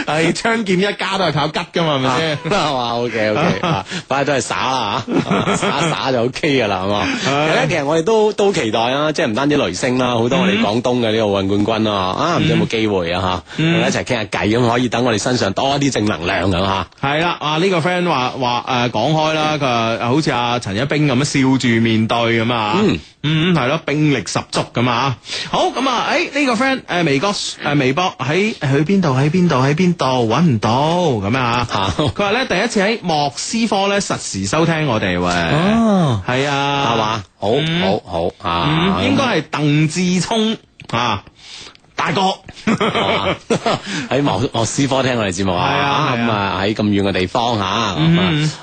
係槍劍一家都係靠吉噶嘛，係咪先？係嘛、 啊、？OK OK，反正都係耍啊，耍耍，耍就 OK 噶啦，係嘛？其實我哋都都期待啊，即係唔單止雷聲啦、啊，好多我哋廣東嘅呢個奧運冠軍啊，啊唔知有冇機會啊吓？咁、啊嗯、一齊傾下偈咁，可以等我哋身上多一啲正能量咁、啊、吓。係啦、嗯，啊呢、這個 friend 話話誒講開啦，佢好似阿陳一冰咁樣笑住面對咁啊，嗯嗯係咯，兵力十足咁啊。好咁啊，誒呢、哎這個 friend 誒微博誒微博喺喺邊度喺邊度喺。喺邊度揾唔到咁樣啊？佢話咧第一次喺莫斯科咧實時收聽我哋喂，係、欸、啊，係嘛、啊， 好，好，好啊，嗯、應該係鄧志聰啊。大哥喺莫莫斯科聽我哋節目啊，係啊，咁啊喺咁遠嘅地方吓，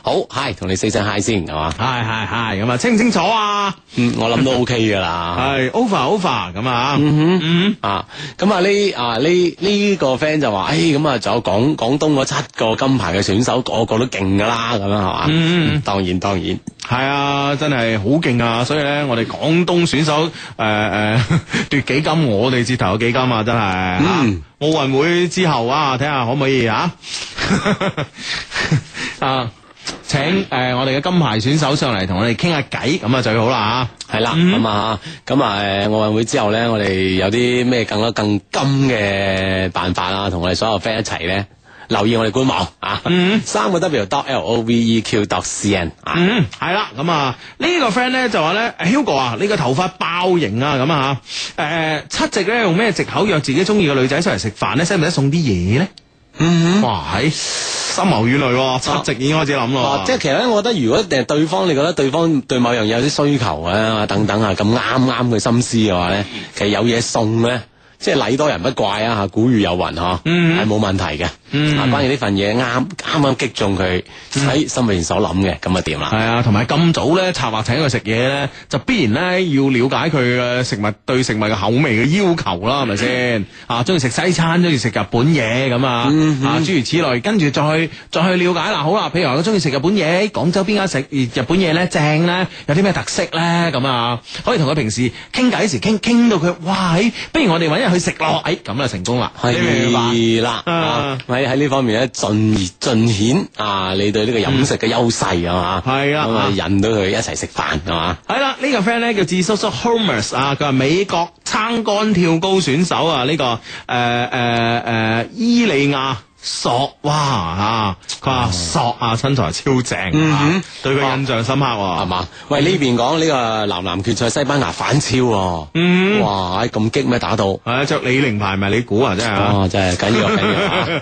好係，同你 say 聲嗨先，係嘛，係係係咁啊，清唔清楚啊？嗯，我諗都 OK 噶啦，係 over over 咁啊，嗯哼嗯，啊，咁啊呢啊呢呢個 friend 就話，誒，咁啊仲有廣廣東七個金牌嘅選手，個個都勁噶啦，咁樣係嘛，嗯，當然當然，係啊，真係好勁啊，所以咧，我哋廣東選手誒誒奪幾金，我哋接頭有幾金。咁啊真係，奧運、嗯、會之後看看可可啊，睇下可唔可以吓啊，請誒、呃、我哋嘅金牌選手上嚟同我哋傾下偈，咁啊最好啦吓係啦咁啊，咁、嗯、啊，奧運、啊、會之後咧，我哋有啲咩更加更金嘅辦法啊？同我哋所有 friend 一齊咧。留意我哋官網啊，三個 W dot L O V E Q dot C N 啊，係啦，咁啊呢個 friend 咧就話咧，Hugo 啊，你個頭髮爆型啊，咁啊誒七夕咧用咩借口約自己中意嘅女仔出嚟食飯咧，使唔使送啲嘢咧？嗯，哇，係心謀遠慮，七夕已經開始諗咯。即係其實咧，我覺得如果誒對方你覺得對方對某樣嘢有啲需求啊等等啊，咁啱啱佢心思嘅話咧，其實有嘢送咧，即係禮多人不怪啊吓，古語有云嗬，係冇問題嘅。嗯，啊，關於呢份嘢啱啱啱擊中佢喺心入邊所諗嘅，咁啊掂啦？係啊，同埋咁早咧策劃請佢食嘢咧，就必然咧要了解佢嘅食物對食物嘅口味嘅要求啦，係咪先？啊，中意食西餐，中意食日本嘢咁啊，啊，諸如此類，跟住再去再去了解啦。好啦，譬如話佢中意食日本嘢，喺廣州邊間食日本嘢咧正咧，有啲咩特色咧？咁啊，可以同佢平時傾偈時傾，傾到佢喂，哎，不如我哋搵日去食咯。哎，咁就成功啦，係啦。喺呢方面咧，盡而盡顯啊！你對呢個飲食嘅優勢啊嘛？係啊，引到佢一齊食飯係嘛？係啦，呢個 friend 咧叫詹姆叔 Homer 啊，佢係美國撐杆跳高選手啊，呢個誒誒誒，伊利亞索哇吓，佢話索啊，身材超正，嗯，對佢印象深刻係嘛？喂，呢邊講呢個男籃決賽，西班牙反超，嗯，哇，咁激咩打到？係啊，着李寧牌咪你估啊，真係真係緊要個緊呢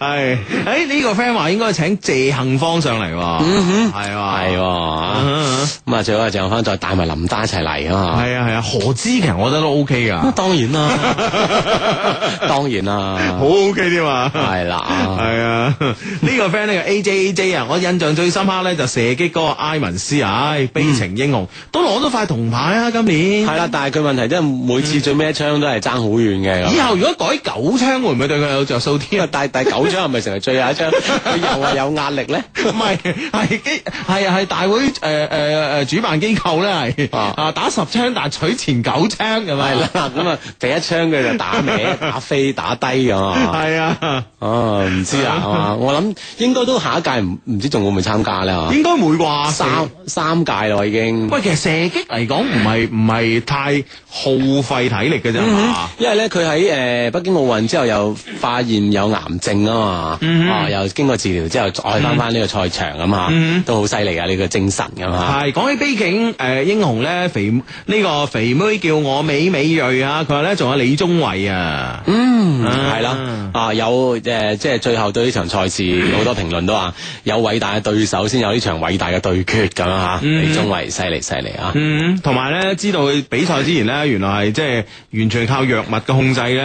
係，誒呢個 friend 話應該請謝杏芳上嚟，係嘛，係，咁啊最好啊謝杏芳再帶埋林丹一齊嚟啊嘛，係啊係啊何姿？其實我覺得都 OK 噶，當然啦，當然啦，好 OK 添嘛，係啦，係啊，呢個 friend 咧 AJAJ 啊，我印象最深刻咧就射擊嗰個埃文斯，啊，悲情英雄都攞到塊銅牌啊今年，係啦，但係佢問題真係每次最尾一槍都係爭好遠嘅，以後如果改九槍會唔會對佢有着數啲啊？但但九槍係咪成為最後一槍？佢又話有壓力咧？唔係，係機係啊係大會誒誒誒主辦機構咧係啊打十槍，但係取前九槍係咪？係啦，咁啊第一槍佢就打歪、打飛、打低咁啊！係啊，哦唔知啊，我諗應該都下一屆唔唔知仲會唔會參加咧？應該會啩？三三屆咯，已經。喂，其實射擊嚟講唔係唔係太耗費體力嘅啫嘛？因為咧佢喺誒北京奧運之後又發現有癌症。Mm hmm. 啊嘛，啊又經過治療之後，再翻翻呢個賽場啊、mm hmm. 都好犀利啊！呢、這個精神啊嘛，係講起悲景誒、呃，英雄咧肥呢、這個肥妹叫我美美瑞啊，佢話咧仲有李宗偉啊，嗯係啦啊，啊有誒即係最後對呢場賽事好 多評論都話有偉大嘅對手先有呢場偉大嘅對決咁樣吓，李宗偉犀利犀利啊，嗯、mm，同埋咧知道佢比賽之前呢，原來係即係完全靠藥物嘅控制咧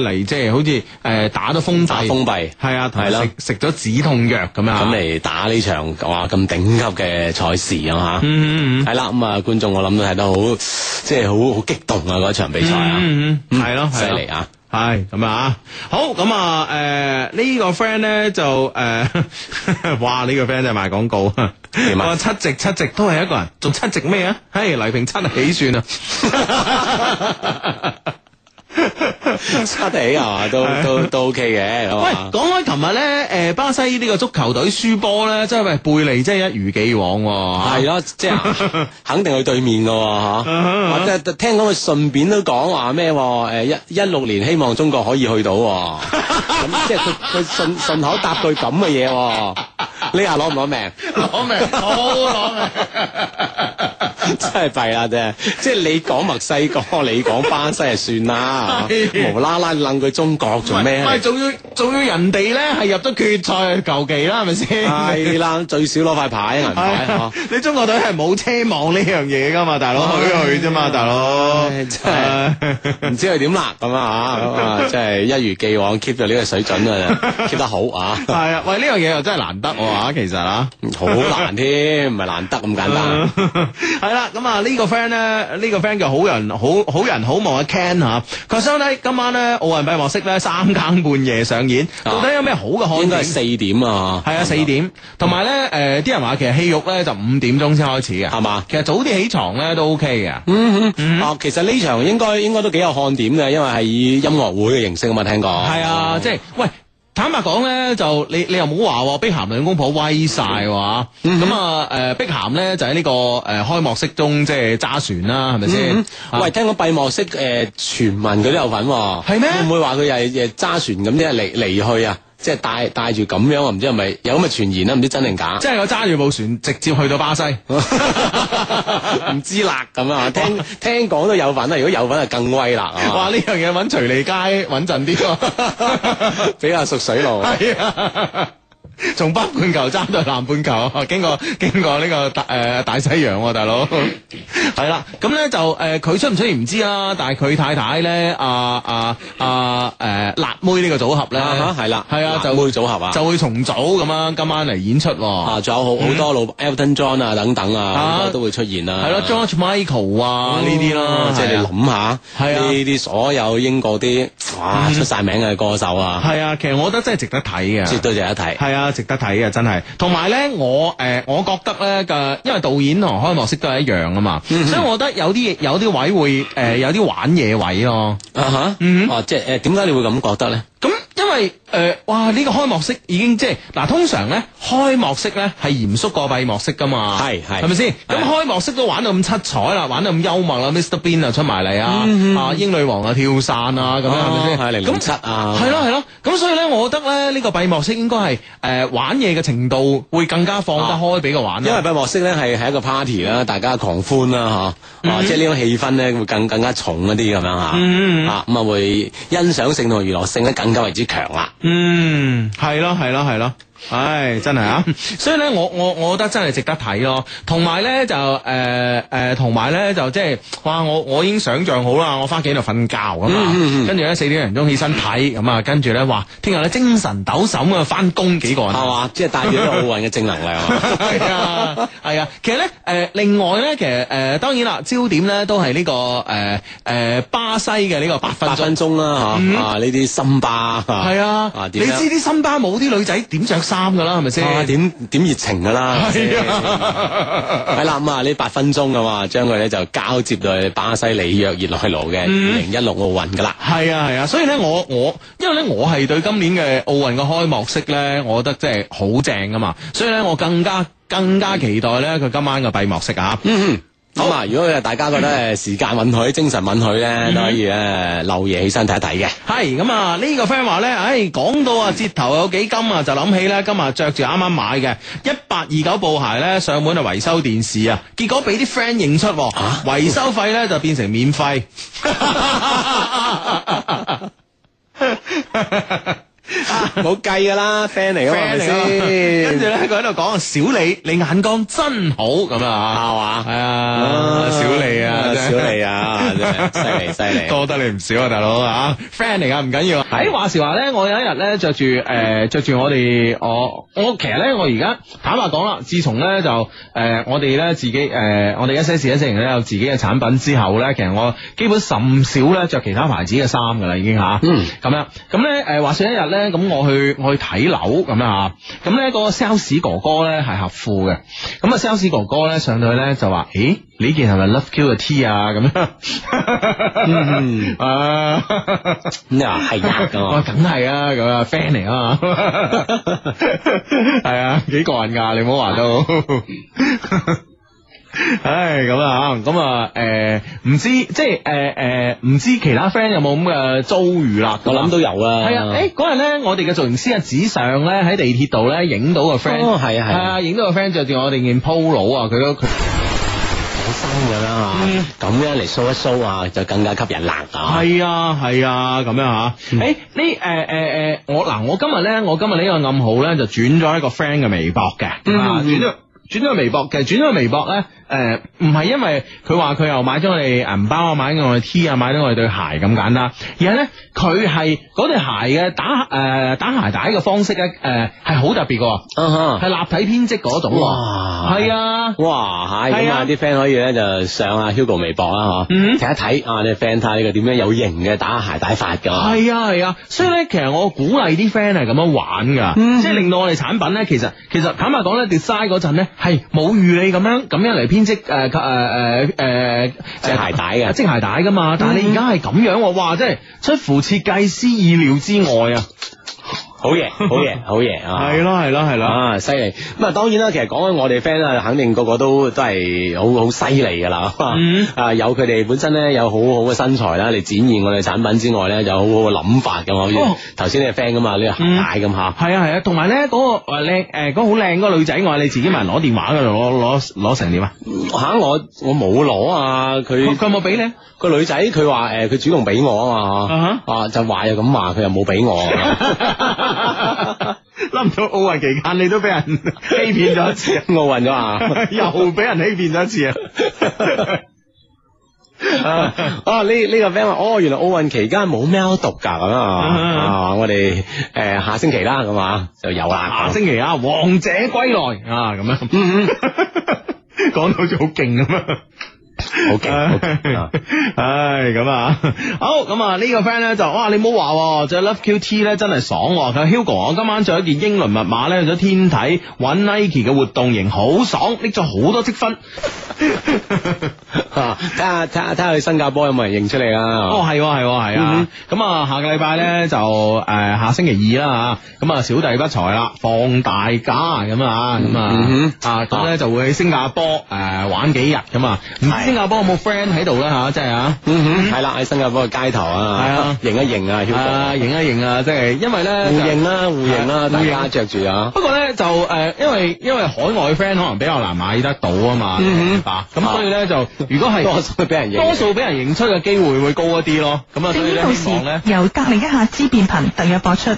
嚟，即係好似誒打到封閉。係係啊，食食咗止痛藥咁樣，咁嚟打呢場哇咁頂級嘅賽事啊吓，係啦，咁啊觀眾我諗都睇得好，即係好好激動啊嗰一場比賽啊，係、嗯、咯，犀、嗯、利、嗯嗯嗯、啊，係咁啊，啊，啊，啊，好咁啊，誒、呃、呢、這個 friend 咧就誒，呃、 哇呢、這個 friend 就賣廣告 啊，我七夕，七夕都係一個人，做七夕咩啊？嘿黎平七起算啊！ 差哋呀都 都都，都 OK 嘅。 喂，講開琴日咧，誒、嗯，嗎 eh, 巴西呢個足球隊輸波咧，即係喂，貝利即係一如既往、啊，係咯， 即係肯定去對面噶、啊、吓。或即係聽講佢順便都講話咩？誒、嗯，一一六年希望中國可以去到、啊，咁 即係佢順順口答句咁嘅嘢。你呀攞唔攞命？攞 命，好攞命。 真係弊啦啫，即係你講墨西哥，你講巴西就算啦，無啦啦掹佢中國做咩？唔係，仲要仲要人哋咧係入咗決賽，求其啦係咪先？係啦，最少攞塊牌係咪？你中國隊係冇奢望呢樣嘢噶嘛，大佬去去啫嘛，大佬，唔知佢點啦咁啊吓，咁啊，即係一如既往 keep 到呢個水準啊，keep 得好啊，係啊，喂，呢樣嘢又真係難得我話，其實啊，好難添，唔係難得咁簡單。啦咁啊、這個、呢、這個 friend 咧呢個 friend 叫好人好好人好望啊 Ken 吓，佢想睇今晚咧奧運閉幕式咧三更半夜上演，啊、到底有咩好嘅看點？應該係四點啊，係啊是是四點，同埋咧誒啲人話其實戲肉咧就五點鐘先開始嘅，係嘛吧？其實早啲起床咧都 OK 嘅。嗯哼嗯嗯哼。啊，其實呢場應該應該都幾有看點嘅，因為係以音樂會嘅形式啊嘛，聽講係啊，即係、嗯啊就是、喂。坦白講咧，就你你又冇話碧咸兩公婆威晒話，咁啊誒碧咸咧就喺呢個誒開幕式中即係揸船啦，係咪先？嗯、哼喂，聽到閉幕式誒傳聞佢都有份，係咩嗎？會唔會話佢又係誒揸船咁即係離離去啊？即係帶帶住咁樣，我唔知係咪有咁嘅傳言啦，唔知真定假。即係我揸住部船直接去到巴西，唔 知啦咁啊！聽聽講都有份啦，如果有份就更威啦！哇，呢、啊、樣嘢揾徐利佳穩陣啲， 比較熟水路。 是 從北半球走到南半球，經過經過呢個誒大西洋，大佬係啦。咁咧就誒佢出唔出現唔知啦，但係佢太太咧阿阿阿誒辣妹呢個組合咧係啦，係啊，就會組合啊，就會重組咁樣今晚嚟演出啊。仲有好好多老 Elton John 啊等等啊，都會出現啊。係咯，George Michael 啊，呢啲咯，即係你諗下，係啊，呢啲所有英國啲哇出晒名嘅歌手啊。係啊，其實我覺得真係值得睇嘅，絕對值得睇。係啊。值得睇啊，真係。同埋咧，我誒、呃，我覺得咧嘅，因為導演同開幕式都係一樣啊嘛， 所以我覺得有啲有啲位會誒、呃，有啲玩嘢位咯。啊吓，呃、嗯，哦，即係誒，點解你會咁覺得咧？咁。因為誒，哇！呢個開幕式已經即係嗱，通常咧開幕式咧係嚴肅過閉幕式噶嘛，係係，係咪先？咁開幕式都玩到咁七彩啦，玩到咁幽默啦，Mr Bean 啊出埋嚟啊，啊英女王啊跳傘啊，咁樣係咪先？係零零七啊，係咯係咯，咁所以咧，我覺得咧呢個閉幕式應該係誒玩嘢嘅程度會更加放得開俾佢玩，因為閉幕式咧係喺一個 party 啦，大家狂歡啦吓，即係呢種氣氛咧會更更加重一啲咁樣吓，啊咁啊會欣賞性同埋娛樂性咧更加為之強。嗯，係咯，係咯，係咯。唉，真係啊！所以咧，我我我覺得真係值得睇咯。同埋咧，就誒誒，同埋咧，就即係哇！我我已經想象好啦，我翻幾度瞓覺啊嘛，跟住咧四點零鐘起身睇咁啊，跟住咧話聽日咧精神抖擻啊，翻工幾個人係嘛，即係帶住奧運嘅正能量。係啊，係、就是、 啊、嗯。其實咧，誒、呃，另外咧，其實誒、呃，當然啦，焦點咧都係呢、這個誒誒、呃呃、巴西嘅呢個八分鐘啊，呢啲森巴係啊。你， 啊、呃、你知啲森巴冇啲女仔點上？三噶啦，係咪先？是是啊，點點熱情噶啦！係啊，係啦，咁啊，呢八分鐘啊嘛，將佢咧就交接到去巴西里約熱內盧嘅二零一六奧運噶啦。係啊，係啊，所以咧，我我因為咧，我係對今年嘅奧運嘅開幕式咧，我覺得真係好正噶嘛，所以咧，我更加更加期待咧，佢今晚嘅閉幕式啊。嗯好啊，嗯、如果大家覺得時間允許、嗯、精神允許呢，嗯、都可以啊、呃，漏夜起身睇一睇嘅。係咁啊，呢、這個 friend 話呢，唉、哎，講到啊，折頭有幾金啊，嗯、就諗起呢，今日着住啱啱買嘅一八二九布鞋呢，上門啊維修電視啊，結果俾啲 friend 認出，維、啊、修費呢，就變成免費。啊 啊，冇計噶啦，friend 嚟噶嘛 friend 先 呢。跟住咧，佢喺度講，小李，你眼光真好咁啊，係嘛？係啊，小李啊，小李啊，真係犀利犀利，多得你唔少啊，大佬啊，friend 嚟噶，唔緊、啊、要，要。喺、哎、話時話咧，我有一日咧着住誒，呃、着住我哋我我其實咧，我而家坦白講啦，自從咧就誒、呃、我哋咧自己誒、呃、我哋一些事一些情咧有自己嘅產品之後咧，其實我基本甚少咧着其他牌子嘅衫噶啦，已經吓，嗯，咁樣咁咧誒話說一日咧咁我去我去睇樓咁樣啊，咁、那、咧個 sales 哥哥咧係合富嘅，咁、那、啊、個、sales 哥哥咧上到去咧就話，誒，呢件係咪 Love q 嘅 T 啊？咁樣，嗯、啊，咁你話係啊？咁我梗係啊，咁啊 friend 嚟啊嘛，係啊，幾、 啊啊那個人噶、啊， 你唔好話都。 唉，咁、呃呃嗯、啊，咁、欸、啊，誒，唔知即係誒誒，唔知其他 friend 有冇咁嘅遭遇啦？我諗都有啊。係啊，誒，嗰日咧，我哋嘅造型師、哦、是是啊，子上咧喺地鐵度咧影到個 friend。哦，係啊，係啊、嗯，影到個 friend 着住我哋件 polo 啊，佢都佢好新噶啦吓。咁樣嚟 show 一 show 啊，就更加吸引啦。係啊，係啊，咁樣吓。誒、嗯，呢誒誒誒，我嗱，我今日咧，我今日呢個暗號咧就轉咗一個 friend 嘅微博嘅，轉咗轉咗個微博嘅，轉咗個微博咧。誒，唔係、呃、因為佢話佢又買咗我哋銀包啊，買咗我哋 T 啊，買咗我哋對鞋咁簡單。而係咧，佢係嗰對鞋嘅打鞋誒、呃、打鞋帶嘅方式咧，誒係好特別嘅，係、uh huh。立體編織嗰種。哇，係哇啊，哇，係咁啊，啲、啊、friend 可以咧就上阿 Hugo 微博啦，嗬、啊，睇一睇啊，你 fans 睇呢個點樣有型嘅打鞋帶法噶。係、嗯、啊係啊，所以咧其實我鼓勵啲 friend 係咁樣玩噶，即係令到我哋產品咧，其實其實，其實坦白講咧 design 嗰陣咧係冇預你咁樣咁樣嚟。兼職誒誒誒誒，織鞋帶嘅， 織鞋帶噶嘛？但係你而家係咁樣，嗯、哇！即係出乎設計師意料之外啊！好嘢，好嘢，好嘢 啊！係咯，係咯，係咯！啊，犀利！咁啊，當然啦，其實講緊我哋 friend 啊，肯定個個都都係好好犀利噶啦！嗯、啊，有佢哋本身咧有好好嘅身材啦，嚟展現我哋產品之外咧，有好好嘅諗法好似，頭先、哦、你個 friend 噶嘛，你嗯、樣呢、那個恒大咁吓。係啊係啊，同埋咧嗰個靚誒，嗰個好靚嗰個女仔，我話你自己問攞電話嘅，攞攞攞成點啊？吓，我我冇攞啊！佢佢有冇俾你？個女仔佢話誒，佢主動俾我啊嘛吓，就話又咁話，佢又冇俾我。 諗 唔到奧運期間你都俾人欺騙咗一次，奧運咗啊？又俾人欺騙咗一次啊！啊，呢呢個 friend 話，哦，原來奧運期間冇咩好讀噶咁啊！我哋誒下星期啦咁啊，就有啊！下星期啊，王者歸來啊咁樣，講到好似好勁咁啊！ 好勁！唉，咁啊，好、哎、咁啊，呢、這個 friend 咧就哇，你唔好話，着 Love Q T 咧真係爽。佢話 Hugo，我今晚着一件英倫密碼咧去咗天體搵 Nike 嘅活動型，好爽，拎咗好多積分。 啊，睇下睇下睇下，去新加坡有冇人認出嚟啊、哦、啊？哦，係，係，係啊！咁啊，啊、mm hmm.，下個禮拜咧就誒、呃、下星期二啦吓，咁啊，小弟不才啦，放大假咁啊咁啊，咁咧、mm hmm. 就會去新加坡誒玩幾日咁啊。新加坡有冇 friend 喺度咧？吓，即係啊，嗯哼，係啦，喺新加坡嘅街頭，係啊，認一認啊，曉得認一認啊，即係，因為咧，互認啦，互認啦，大家着住啊。不過咧，就誒，因為因為海外 friend 可能比較難買得到啊嘛，嗯哼，嗱，咁所以咧就，如果係多數俾人認，多數俾人認出嘅機會會高一啲咯。咁啊，所以咧希望咧，由隔籬一下之變頻特約播出。